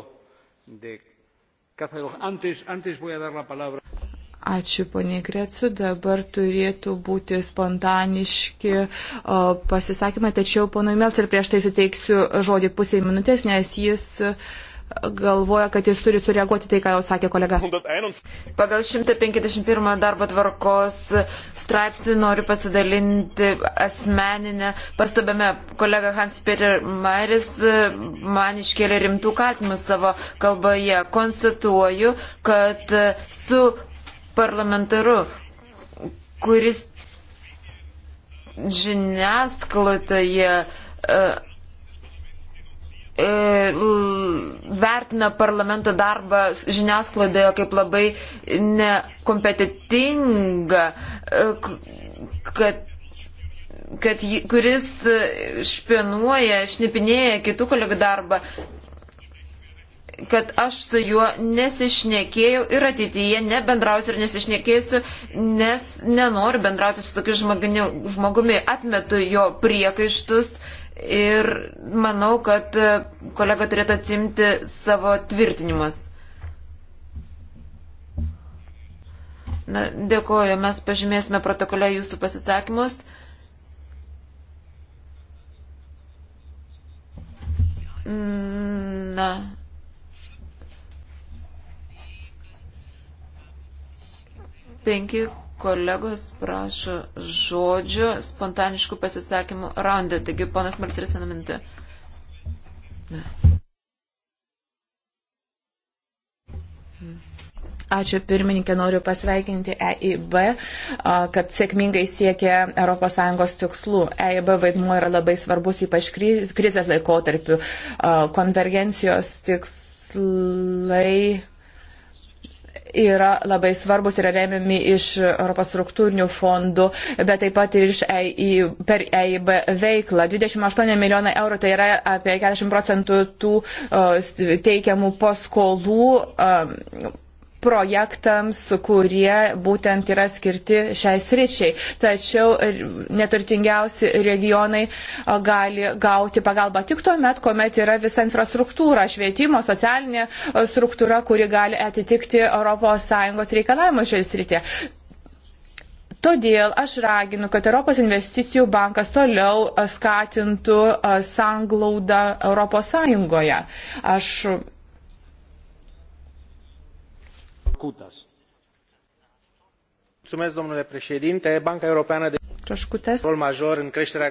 Ačiū, ponė Krecu. Dabar turėtų būti spontaniški pasisakymai, tačiau ponui Melcer prieš tai suteiksiu žodį pusiai minutės, nes jis uh, galvoja, kad jis turi sureaguoti tai, ką jau sakė kolega. Pagal 151 darbo tvarkos straipsnį noriu pasidalinti asmeninę. Pastabėme, kolega Hans-Peter Mairis e, man iškėlė rimtų kaltinimų savo kalboje. Konstatuoju, kad e, su parlamentaru, kuris žiniasklaidoje uh, E, vertina parlamento darbą žiniasklaidoje kaip labai nekompetitingą, e, kad kad jį, kuris špionuoja, šnipinėja kitų kolegų darbą, kad aš su juo nesišnekėjau ir ateityje nebendrausiu ir nesišnekėsiu, nes nenoriu bendrauti su tokiu žmogini, žmogumi, atmetu jo priekaištus, uh, ir manau, kad e, kolega turėtų atsimti savo tvirtinimus. Na, dėkoju, mes pažymėsime protokole jūsų pasisakymus. Mm, na. Penki kolegos prašo žodžio spontaniškų pasisakymų raundė. Taigi, ponas Marcelis, vieną minutę. Ačiū pirmininkė, noriu pasveikinti EIB, kad sėkmingai siekia ES tikslų. EIB vaidmuo yra labai svarbus, ypač krizės laikotarpiu. Konvergencijos tikslai yra labai svarbus ir remiami iš Europos struktūrinių fondų, bet taip pat ir EI, per EIB veiklą. 28 milijonai eurų tai yra apie 40 procentų tų teikiamų paskolų projektams, kurie būtent yra skirti šiai sričiai. Tačiau neturtingiausi regionai gali gauti pagalbą tik tuo met, kuomet yra visa infrastruktūra, švietimo, socialinė struktūra, kuri gali atitikti ES reikalavimus šioje srityje. Todėl aš raginu, kad Europos investicijų bankas toliau skatintų sanglaudą Europos Sąjungoje. Aš domnule președinte banca europeană de rol major în creșterea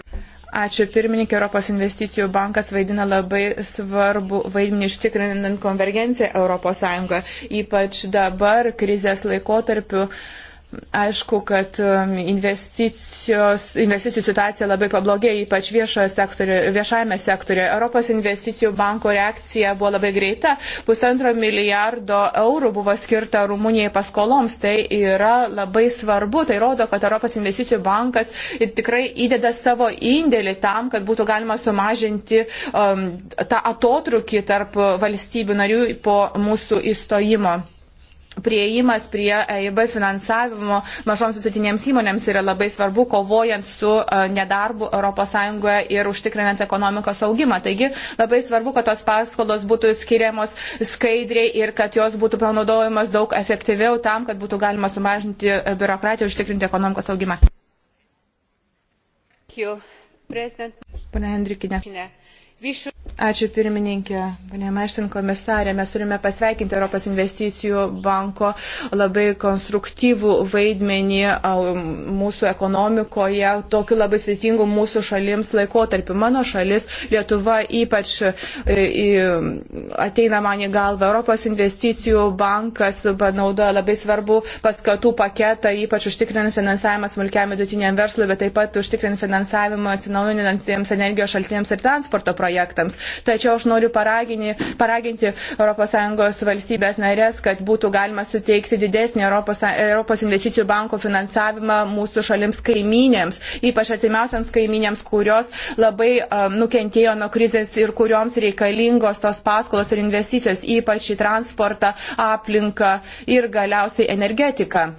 Ačiū pirmininkė, Europos investicijų bankas vaidina labai svarbu vaidmenį ištikrinant konvergenciją ES, ypač dabar krizės laikotarpiu. Uh, Aišku, kad um, investicijos, investicijų situacija labai pablogėjo, ypač sektorio, viešajame sektorioje. Europos investicijų banko reakcija buvo labai greita. Pusantro milijardo eurų buvo skirta Rumunijai paskoloms. Tai yra labai svarbu. Tai rodo, kad Europos investicijų bankas tikrai įdeda savo indėlį tam, kad būtų galima sumažinti um, tą atotrukį tarp valstybių narių po mūsų įstojimo prieimas prie EIB finansavimo mažoms vidutinėms įmonėms yra labai svarbu, kovojant su e, nedarbu ES ir užtikrinant ekonomikos augimą. Taigi labai svarbu, kad tos paskolos būtų skiriamos skaidriai ir kad jos būtų panaudojamas daug efektyviau tam, kad būtų galima sumažinti e, biurokratiją ir užtikrinti ekonomikos augimą. Pane Hendrikinė. Ačiū pirmininkė, panė Maištin komisarė. Mes turime pasveikinti Europos investicijų banko labai konstruktyvų vaidmenį mūsų ekonomikoje, tokiu labai sudėtingu mūsų šalims laikotarpiu. Mano šalis, Lietuva ypač e, ateina man į galvą. Europos investicijų bankas panaudoja labai svarbu paskatų paketą, ypač užtikrinant finansavimą smulkiam vidutiniam verslui, bet taip pat užtikrinant finansavimą atsinaujinantiems energijos šaltiniams ir transporto projektams projektams. Tačiau aš noriu paragini, paraginti ES valstybės narės, kad būtų galima suteikti didesnį Europos, Europos investicijų banko finansavimą mūsų šalims kaiminėms, ypač artimiausiams kaiminėms, kurios labai um, nukentėjo nuo krizės ir kurioms reikalingos tos paskolos ir investicijos, ypač į transportą, aplinką ir galiausiai energetiką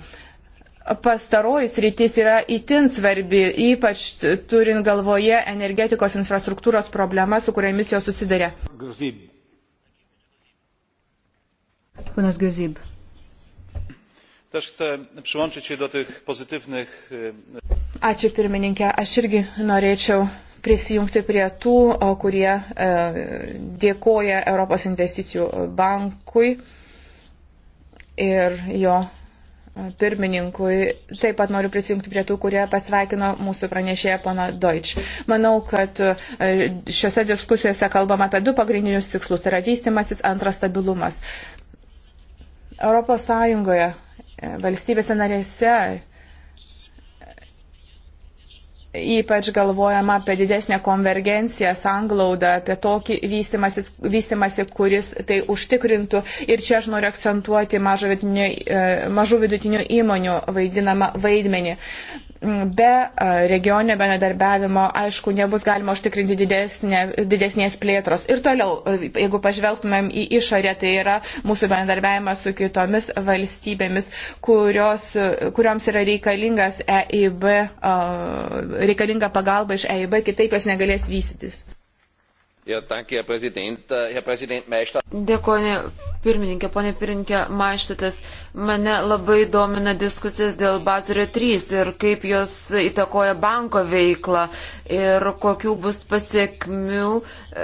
pastarojus rytis yra itin svarbi, ypač turint galvoje energetikos infrastruktūros problemas, su kuriamis jos susidarė. Grzib. Ponas Grzib. Też chcę przyłączyć się do tych pozytywnych. E, Ačiū pirmininkė, aš irgi norėčiau prisijungti prie tų, kurie e, dėkoja Europos investicijų bankui ir jo pirmininkui. Taip pat noriu prisijungti prie tų, kurie pasveikino mūsų pranešėją pana Deutsch. Manau, kad e, šiuose diskusijose kalbam apie du pagrindinius tikslus. Tai yra vystimasis, antras stabilumas. Europos Sąjungoje, e, valstybėse narėse Ypač galvojama apie didesnę konvergenciją, sanglaudą, apie tokį vystimasi, vystimasi kuris tai užtikrintų. Ir čia aš noriu akcentuoti mažų vidutinių, e, mažų vidutinių įmonių vaidinamą vaidmenį be regioninio benedarbiavimo, aišku, nebus galima užtikrinti didesnė, didesnės plėtros. Ir toliau, jeigu pažvelgtumėm į išorę, tai yra mūsų bendarbiavimas su kitomis valstybėmis, kurios, kurioms yra reikalingas EIB, reikalinga pagalba iš EIB, kitaip jos negalės vystytis herr präsident äh, maystadt! dėkoju pirmininke pone pirmininke maštatas mane labai domina diskusijos dėl bazelio trys ir kaip jos įtakoja banko veiklą ir kokių bus pasiekmių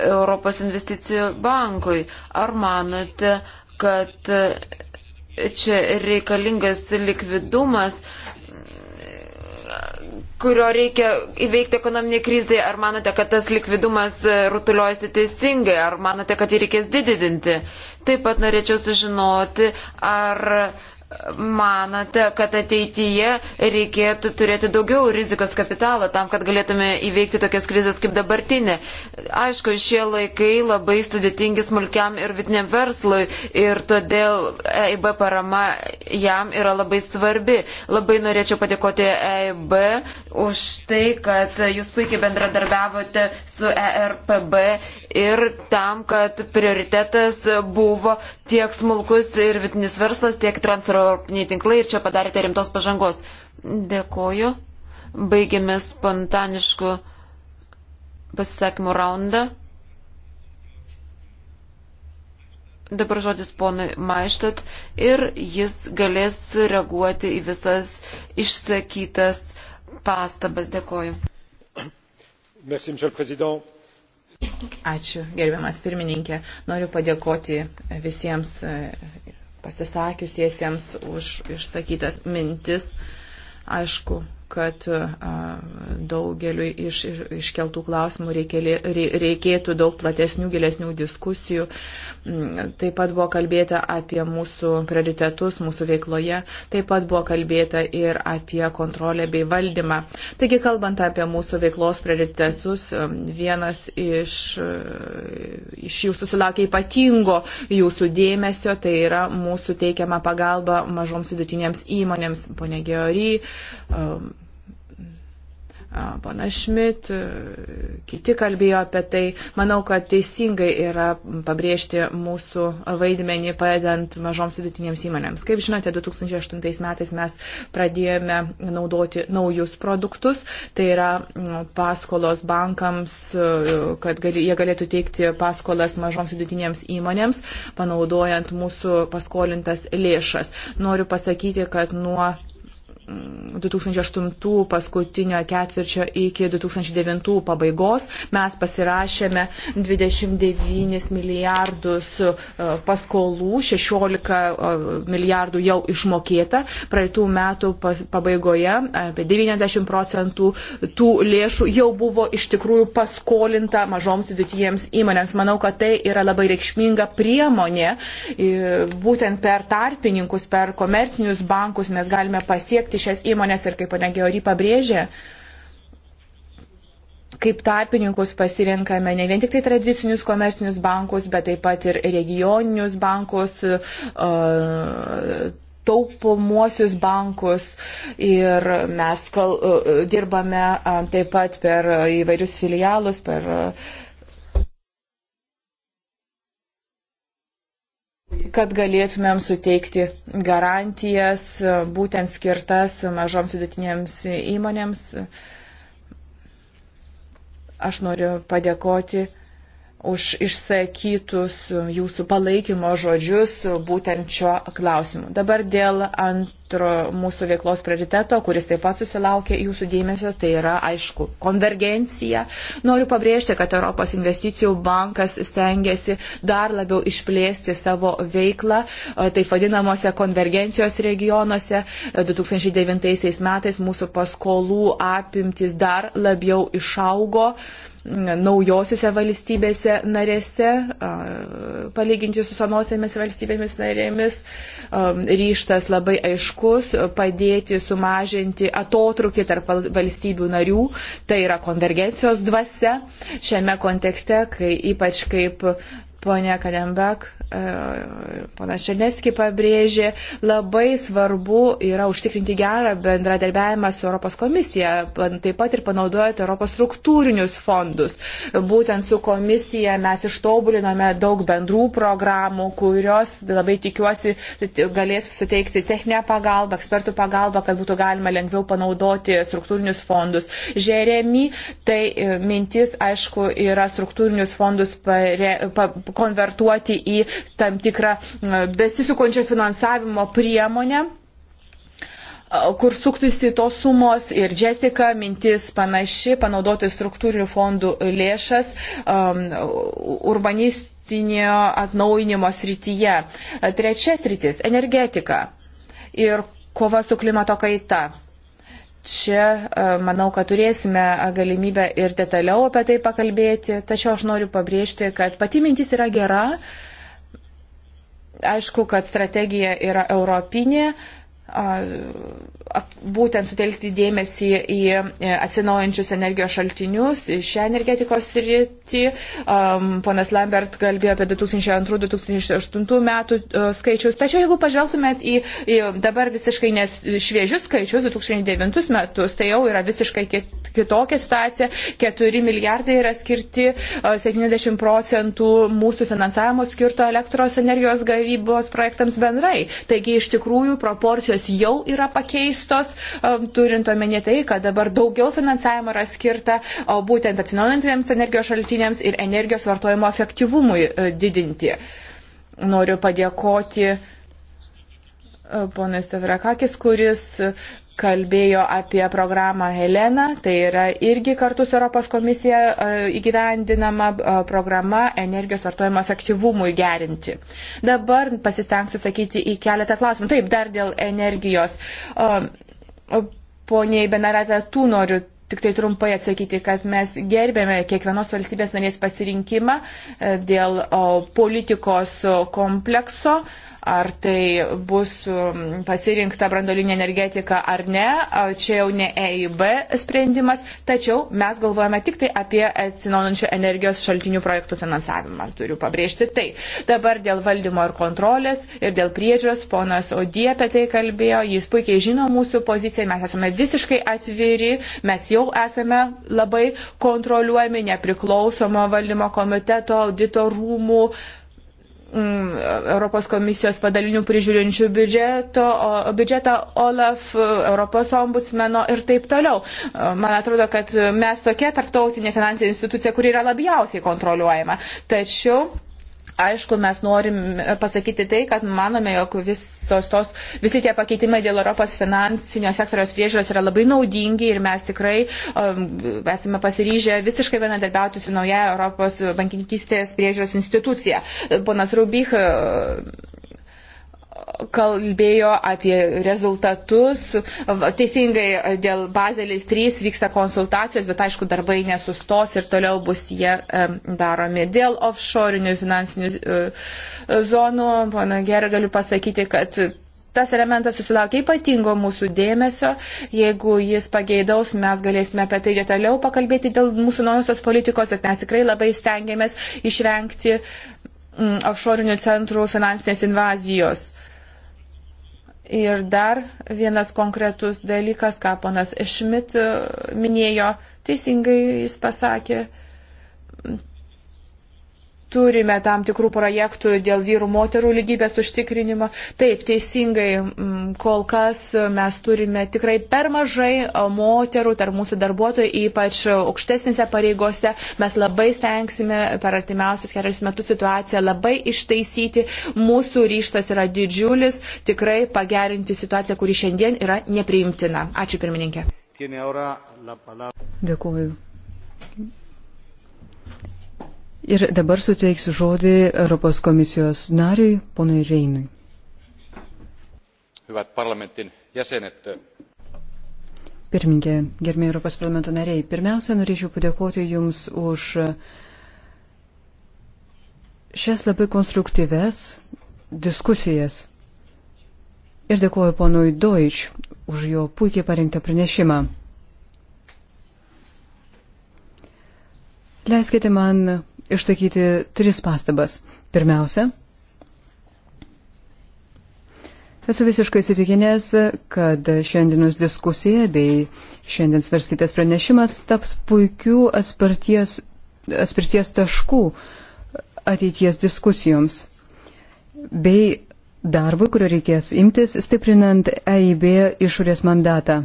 europos investicijų bankui ar manote kad čia reikalingas likvidumas kurio reikia įveikti ekonominiai krizai, ar manote, kad tas likvidumas e, rutuliojasi teisingai, ar manote, kad jį reikės didinti. Taip pat norėčiau sužinoti, ar manote, kad ateityje reikėtų turėti daugiau rizikos kapitalo tam, kad galėtume įveikti tokias krizės kaip dabartinė? Aišku, šie laikai labai sudėtingi smulkiam ir vidiniam verslui ir todėl EIB parama jam yra labai svarbi. Labai norėčiau padėkoti EIB už tai, kad jūs puikiai bendradarbiavote su ERPB ir tam, kad prioritetas buvo tiek smulkus ir vidinis verslas, tiek transportas transeuropiniai tinklai ir čia padarėte rimtos pažangos. Dėkoju. Baigėme spontaniškų pasisakymų raundą. Dabar žodis ponui Maištat ir jis galės reaguoti į visas išsakytas pastabas. Dėkoju. Merci, Ačiū, gerbiamas pirmininkė. Noriu padėkoti visiems pasisakiusiesiems už išsakytas mintis. Aišku, kad daugeliu iš, iškeltų klausimų reikėlė, reikėtų daug platesnių, gilesnių diskusijų. Mm, taip pat buvo kalbėta apie mūsų prioritetus mūsų veikloje, taip pat buvo kalbėta ir apie kontrolę bei valdymą. Taigi, kalbant apie mūsų veiklos prioritetus, vienas iš, iš jų susilaukė ypatingo jūsų dėmesio, tai yra mūsų teikiama pagalba mažoms vidutinėms įmonėms, ponė Georgi Pana Šmit, e, kiti kalbėjo apie tai. Manau, kad teisingai yra pabrėžti mūsų vaidmenį padedant mažoms vidutinėms įmonėms. Kaip žinote, 2008 metais mes pradėjome naudoti naujus produktus. Tai yra paskolos bankams, e, kad gali, jie galėtų teikti paskolas mažoms vidutinėms įmonėms, panaudojant mūsų paskolintas lėšas. Noriu pasakyti, kad nuo 2008 paskutinio ketvirčio iki 2009 pabaigos mes pasirašėme 29 milijardus e, paskolų, 16 e, milijardų jau išmokėta. Praeitų metų pabaigoje e, apie 90 procentų tų lėšų jau buvo iš tikrųjų paskolinta mažoms vidutinėms įmonėms. Manau, kad tai yra labai reikšminga priemonė. Būtent per tarpininkus, per komercinius bankus mes galime pasiekti paveikti šias įmonės ir kaip ponia Georgi pabrėžė, kaip tarpininkus pasirinkame ne vien tik tai tradicinius komercinius bankus, bet taip pat ir regioninius bankus, taupomuosius bankus ir mes kal, dirbame taip pat per įvairius filialus, per kad galėtumėm suteikti garantijas e, būtent skirtas mažoms vidutinėms įmonėms. Aš noriu padėkoti už išsakytus jūsų palaikymo žodžius būtent šio klausimu. Dabar dėl antro mūsų veiklos prioriteto, kuris taip pat susilaukė jūsų dėmesio, tai yra, aišku, konvergencija. Noriu pabrėžti, kad Europos investicijų bankas stengiasi dar labiau išplėsti savo veiklą, tai vadinamosi konvergencijos regionuose. 2009 metais mūsų paskolų apimtis dar labiau išaugo naujosiuose valstybėse narėse, palyginti su senosiamis valstybėmis narėmis, ryštas labai aiškus padėti sumažinti atotrukį tarp valstybių narių, tai yra konvergencijos dvasia šiame kontekste, kai ypač kaip Pone Kadembek, ponas Černetski pabrėžė, labai svarbu yra užtikrinti gerą bendradarbiavimą su Europos komisija, taip pat ir panaudojant Europos struktūrinius fondus. Būtent su komisija mes ištobulinome daug bendrų programų, kurios labai tikiuosi galės suteikti techninę pagalbą, ekspertų pagalbą, kad būtų galima lengviau panaudoti struktūrinius fondus. Žeremi, tai e, mintis, aišku, yra struktūrinius fondus pare, pa, konvertuoti į tam tikrą besisukončio finansavimo priemonę kur suktųsi tos sumos ir Jessica mintis panaši, panaudoti struktūrinių fondų lėšas um, urbanistinio atnaujinimo srityje. Trečia sritis - energetika ir kova su klimato kaita čia e, manau, kad turėsime e, galimybę ir detaliau apie tai pakalbėti, tačiau aš noriu pabrėžti, kad pati mintis yra gera, aišku, kad strategija yra europinė, būtent sutelkti dėmesį į e, atsinaujančius energijos šaltinius, šią energetikos rytį. Um, ponas Lambert kalbėjo apie 2002-2008 metų e, skaičius. Tačiau jeigu pažvelgtumėt į, į dabar visiškai šviežius skaičius, 2009 metus, tai jau yra visiškai kitokia situacija. 4 milijardai yra skirti, 70 e, procentų mūsų finansavimo skirto elektros energijos gavybos projektams bendrai. Taigi iš tikrųjų proporcijos jau yra pakeistos tikslas, turint omenyje tai, kad dabar daugiau finansavimo yra skirta būtent atsinaujantiems energijos šaltiniams ir energijos vartojimo efektyvumui e, didinti. Noriu padėkoti e, ponui Stavrakakis, kuris kalbėjo apie programą Helena, tai yra irgi kartu su Europos komisija e, įgyvendinama programa energijos vartojimo efektyvumui gerinti. Dabar pasistengsiu sakyti į keletą klausimų. Taip, dar dėl energijos. Poniai Benarate, tų noriu tik tai trumpai atsakyti, kad mes gerbėme kiekvienos valstybės narės pasirinkimą e, dėl politikos komplekso ar tai bus um, pasirinkta brandolinė energetika ar ne, čia jau ne EIB sprendimas, tačiau mes galvojame tik tai apie atsinaujančių energijos šaltinių projektų finansavimą, turiu pabrėžti tai. Dabar dėl valdymo ir kontrolės ir dėl priežiūros, ponas Odie apie tai kalbėjo, jis puikiai žino mūsų poziciją, mes esame visiškai atviri, mes jau esame labai kontroliuojami nepriklausomo valdymo komiteto, audito rūmų, Mm, Europos komisijos padalinių prižiūrinčių biudžeto, o, biudžetą OLAF, Europos ombudsmeno ir taip toliau. E, man atrodo, kad mes tokia tarptautinė finansinė institucija, kuri yra labiausiai kontroliuojama. Tačiau Aišku, mes norim pasakyti tai, kad manome, jog vis tos, tos, visi tie pakeitimai dėl Europos finansinio sektoriaus priežiūros yra labai naudingi ir mes tikrai um, esame pasiryžę visiškai bendradarbiauti su nauja Europos bankininkystės priežiūros institucija. Ponas Rubik. Uh, kalbėjo apie rezultatus. Teisingai dėl bazelis 3 vyksta konsultacijos, bet aišku, darbai nesustos ir toliau bus jie daromi. Dėl offshore'inių finansinių e, zonų, pana Gera, galiu pasakyti, kad tas elementas susilaukia ypatingo mūsų dėmesio. Jeigu jis pageidaus, mes galėsime apie tai detaliau pakalbėti dėl mūsų naujosios politikos, bet mes tikrai labai stengiamės išvengti offshore'inių centrų finansinės invazijos. Ir dar vienas konkretus dalykas, ką ponas Šmit e, minėjo, teisingai jis pasakė, turime tam tikrų projektų dėl vyrų moterų lygybės užtikrinimo. Taip, teisingai, mm, kol kas mes turime tikrai per mažai moterų tarp mūsų darbuotojų, ypač aukštesnėse pareigose. Mes labai stengsime per artimiausius kelius metus situaciją labai ištaisyti. Mūsų ryštas yra didžiulis, tikrai pagerinti situaciją, kuri šiandien yra nepriimtina. Ačiū pirmininkė. Dėkuoju Ir dabar suteiksiu žodį Europos komisijos nariui, ponui Reinui. Hyvät parlamentin jäsenet. Pirmininkė, gerbėjai Europos parlamento nariai, pirmiausia, norėčiau padėkoti Jums už šias labai konstruktyves diskusijas. Ir dėkuoju ponui Deutsch už jo puikiai parinktą pranešimą. Leiskite man išsakyti tris pastabas. Pirmiausia, esu visiškai įsitikinęs, kad šiandienos diskusija bei šiandien svarstytas pranešimas taps puikių asparties, asparties taškų ateities diskusijoms bei darbui, kurio reikės imtis, stiprinant EIB išorės mandatą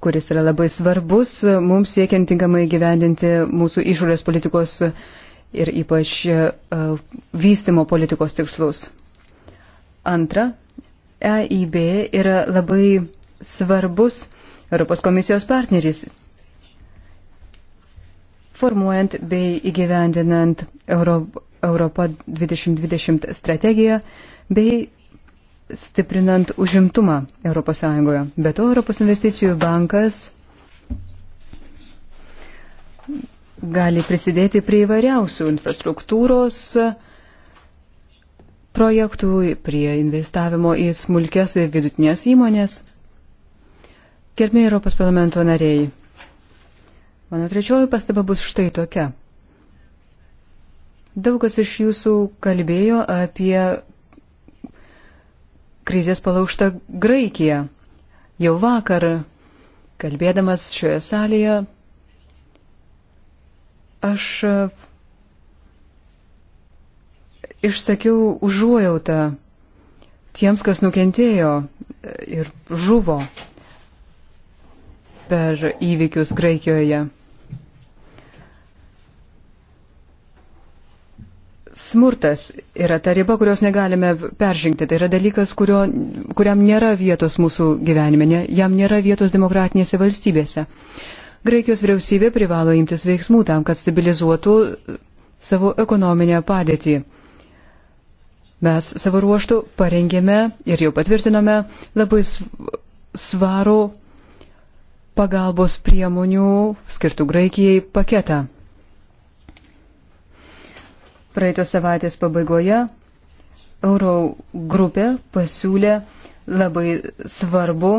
kuris yra labai svarbus mums siekiant tinkamai gyvendinti mūsų išorės politikos ir ypač e, vystimo politikos tikslus. Antra, EIB yra labai svarbus Europos komisijos partneris, formuojant bei įgyvendinant Euro, Europą 2020 strategiją bei stiprinant užimtumą ES. Be to, Europos investicijų bankas gali prisidėti prie įvairiausių infrastruktūros projektų, prie investavimo į smulkės ir vidutinės įmonės. Gerbėjai Europos parlamento nariai, mano trečioji pastaba bus štai tokia. Daugas iš jūsų kalbėjo apie krizės palaušta Graikija. Jau vakar, kalbėdamas šioje salėje, aš e, išsakiau užuojautą tiems, kas nukentėjo e, ir žuvo per įvykius Graikijoje. Smurtas yra ta riba, kurios negalime peržengti. Tai yra dalykas, kurio, kuriam nėra vietos mūsų gyvenime, ne, jam nėra vietos demokratinėse valstybėse. Graikijos vyriausybė privalo imtis veiksmų tam, kad stabilizuotų savo ekonominę padėtį. Mes savo ruoštų parengėme ir jau patvirtinome labai svarų pagalbos priemonių skirtų Graikijai paketą. Praeitos savaitės pabaigoje Euro grupė pasiūlė labai svarbu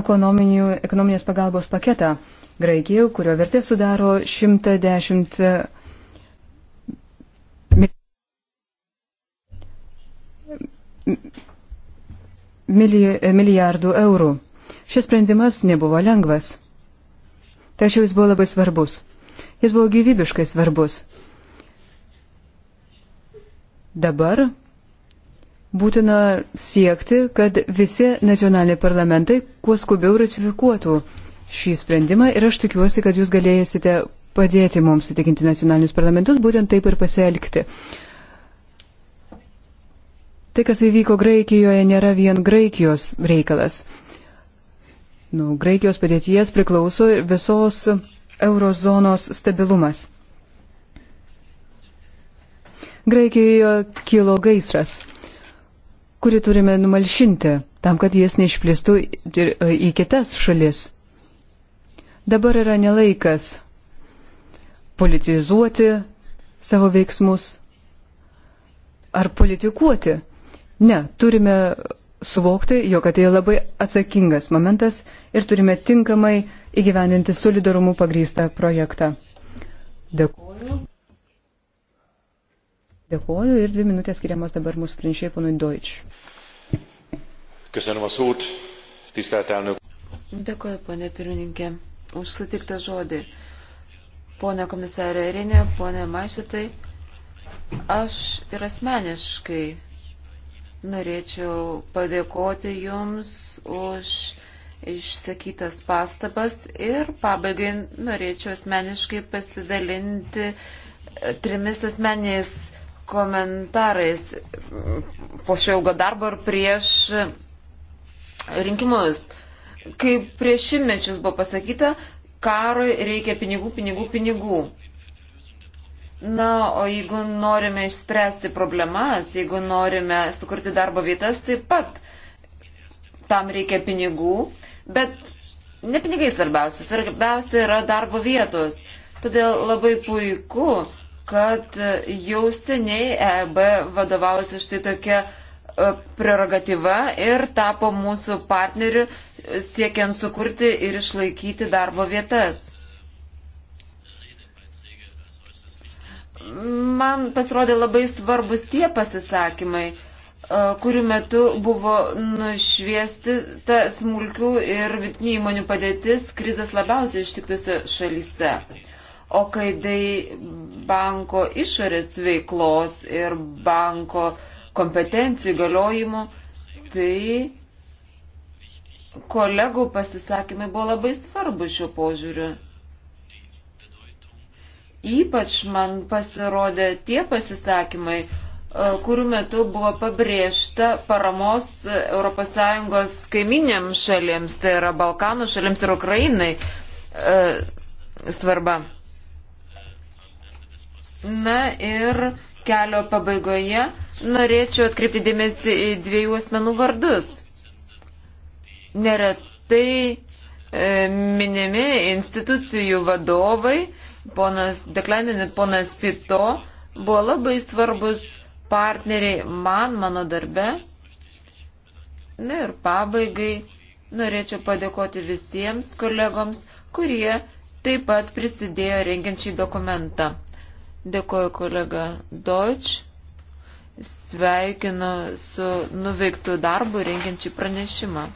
ekonominės pagalbos paketą Graikijai, kurio vertė sudaro 110 milijardų eurų. Šis sprendimas nebuvo lengvas, tačiau jis buvo labai svarbus. Jis buvo gyvybiškai svarbus. Dabar būtina siekti, kad visi nacionaliniai parlamentai kuo skubiau ratifikuotų šį sprendimą ir aš tikiuosi, kad jūs galėsite padėti mums įtikinti nacionalinius parlamentus būtent taip ir pasielgti. Tai, kas įvyko Graikijoje, nėra vien Graikijos reikalas. Nu, Graikijos padėties priklauso visos eurozonos stabilumas. Graikijoje kilo gaisras, kurį turime numalšinti, tam, kad jis neišplėstų e, į kitas šalis. Dabar yra nelaikas politizuoti savo veiksmus ar politikuoti. Ne, turime suvokti, jog atėjo labai atsakingas momentas ir turime tinkamai įgyveninti solidarumų pagrįstą projektą. Dėkuoju. Dėkuoju ir dvi minutės skiriamos dabar mūsų pranešėjai ponui Deutsch. Köszönöm a szót, tisztelt elnök. Dėkuoju, ponė pirmininkė, už sutiktą žodį. Pone komisarė Erinė, pone Mašytai, aš ir asmeniškai Norėčiau padėkoti Jums už išsakytas pastabas ir pabaigai norėčiau asmeniškai pasidalinti e, trimis asmeniais komentarais po šio ilgo darbo ir prieš e, rinkimus. Kaip prieš šimtmečius buvo pasakyta, karui reikia pinigų, pinigų, pinigų. Na, o jeigu norime išspręsti problemas, jeigu norime sukurti darbo vietas, taip pat tam reikia pinigų, bet ne pinigai svarbiausia, svarbiausia yra darbo vietos. Todėl labai puiku, kad jau seniai EB vadovausi štai tokia e, prerogatyva ir tapo mūsų partneriu siekiant sukurti ir išlaikyti darbo vietas. man pasirodė labai svarbus tie pasisakymai, e, kurių metu buvo nušviesti ta smulkių ir vidutinių įmonių padėtis krizės labiausiai ištiktose šalyse. O kai tai banko išorės veiklos ir banko kompetencijų galiojimo, tai kolegų pasisakymai buvo labai svarbu šiuo požiūriu. Ypač man pasirodė tie pasisakymai, e, kurių metu buvo pabrėžta paramos ES kaiminėms šalims, tai yra Balkanų šalims ir Ukrainai e, svarba. Na ir kelio pabaigoje norėčiau atkreipti dėmesį į dviejų asmenų vardus. Neretai e, minimi institucijų vadovai, ponas Deklanin ir ponas Pito buvo labai svarbus partneriai man mano darbe. Na ir pabaigai norėčiau padėkoti visiems kolegoms, kurie taip pat prisidėjo rengiant šį dokumentą. Dėkoju kolega Deutsch, sveikinu su nuveiktų darbu rengiant šį pranešimą.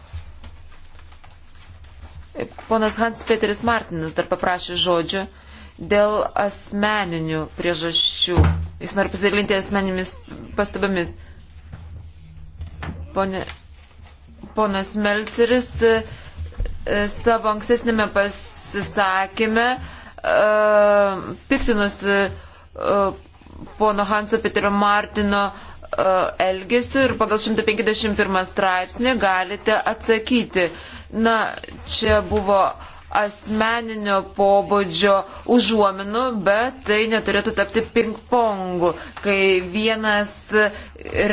Ponas Hans Peteris Martinas dar paprašė žodžio dėl asmeninių priežasčių. Jis nori pasidalinti asmenimis pastabomis. Pone, ponas Melceris e, e, savo ankstesnėme pasisakime piktinosi e, pono Hanso Peterio Martino elgesiu ir pagal 151 straipsnį galite atsakyti. Na, čia buvo uh, asmeninio pobūdžio užuominų, bet tai neturėtų tapti ping-pongu, kai vienas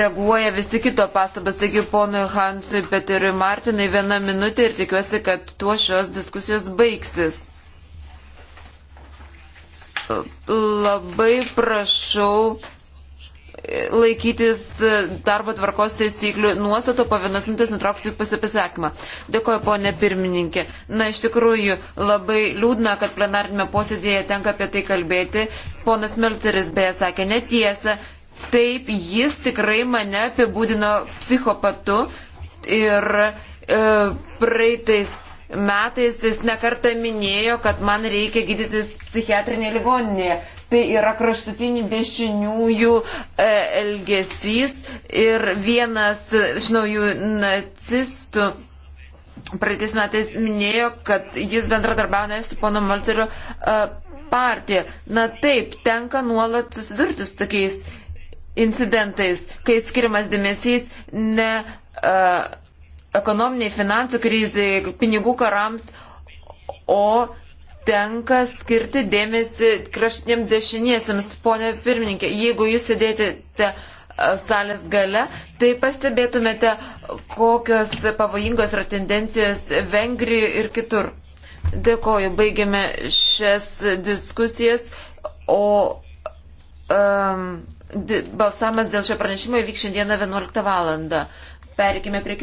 reaguoja visi kito pastabas. Taigi, ponui Hansui, bet ir Martinai, viena minutė ir tikiuosi, kad tuo šios diskusijos baigsis. Labai prašau laikytis e, darbo tvarkos taisyklių nuostato, po vienas mintis nutrauksiu pasipasakymą. Dėkoju, ponė pirmininkė. Na, iš tikrųjų, labai liūdna, kad plenarinėme posėdėje tenka apie tai kalbėti. Ponas Melceris beje sakė netiesą. Taip, jis tikrai mane apibūdino psichopatu ir e, praeitais metais jis nekartą minėjo, kad man reikia gydytis psichiatrinėje ligoninėje. Tai yra kraštutinių dešiniųjų e, elgesys ir vienas, žinau, jų nacistų. Praeitais metais minėjo, kad jis bendradarbiauja su pono Malceriu e, partija. Na taip, tenka nuolat susidurti su tokiais incidentais, kai skirimas dėmesys ne uh, ekonominiai finansų krizai, pinigų karams, o tenka skirti dėmesį kraštiniam dešiniesiams, ponė pirmininkė. Jeigu jūs sėdėtėte salės gale, tai pastebėtumėte, kokios pavojingos yra tendencijos Vengrijoje ir kitur. Dėkoju, baigėme šias diskusijas, o um, balsamas dėl šio pranešimo įvyks šiandieną 11 val. Perikime prie kitų.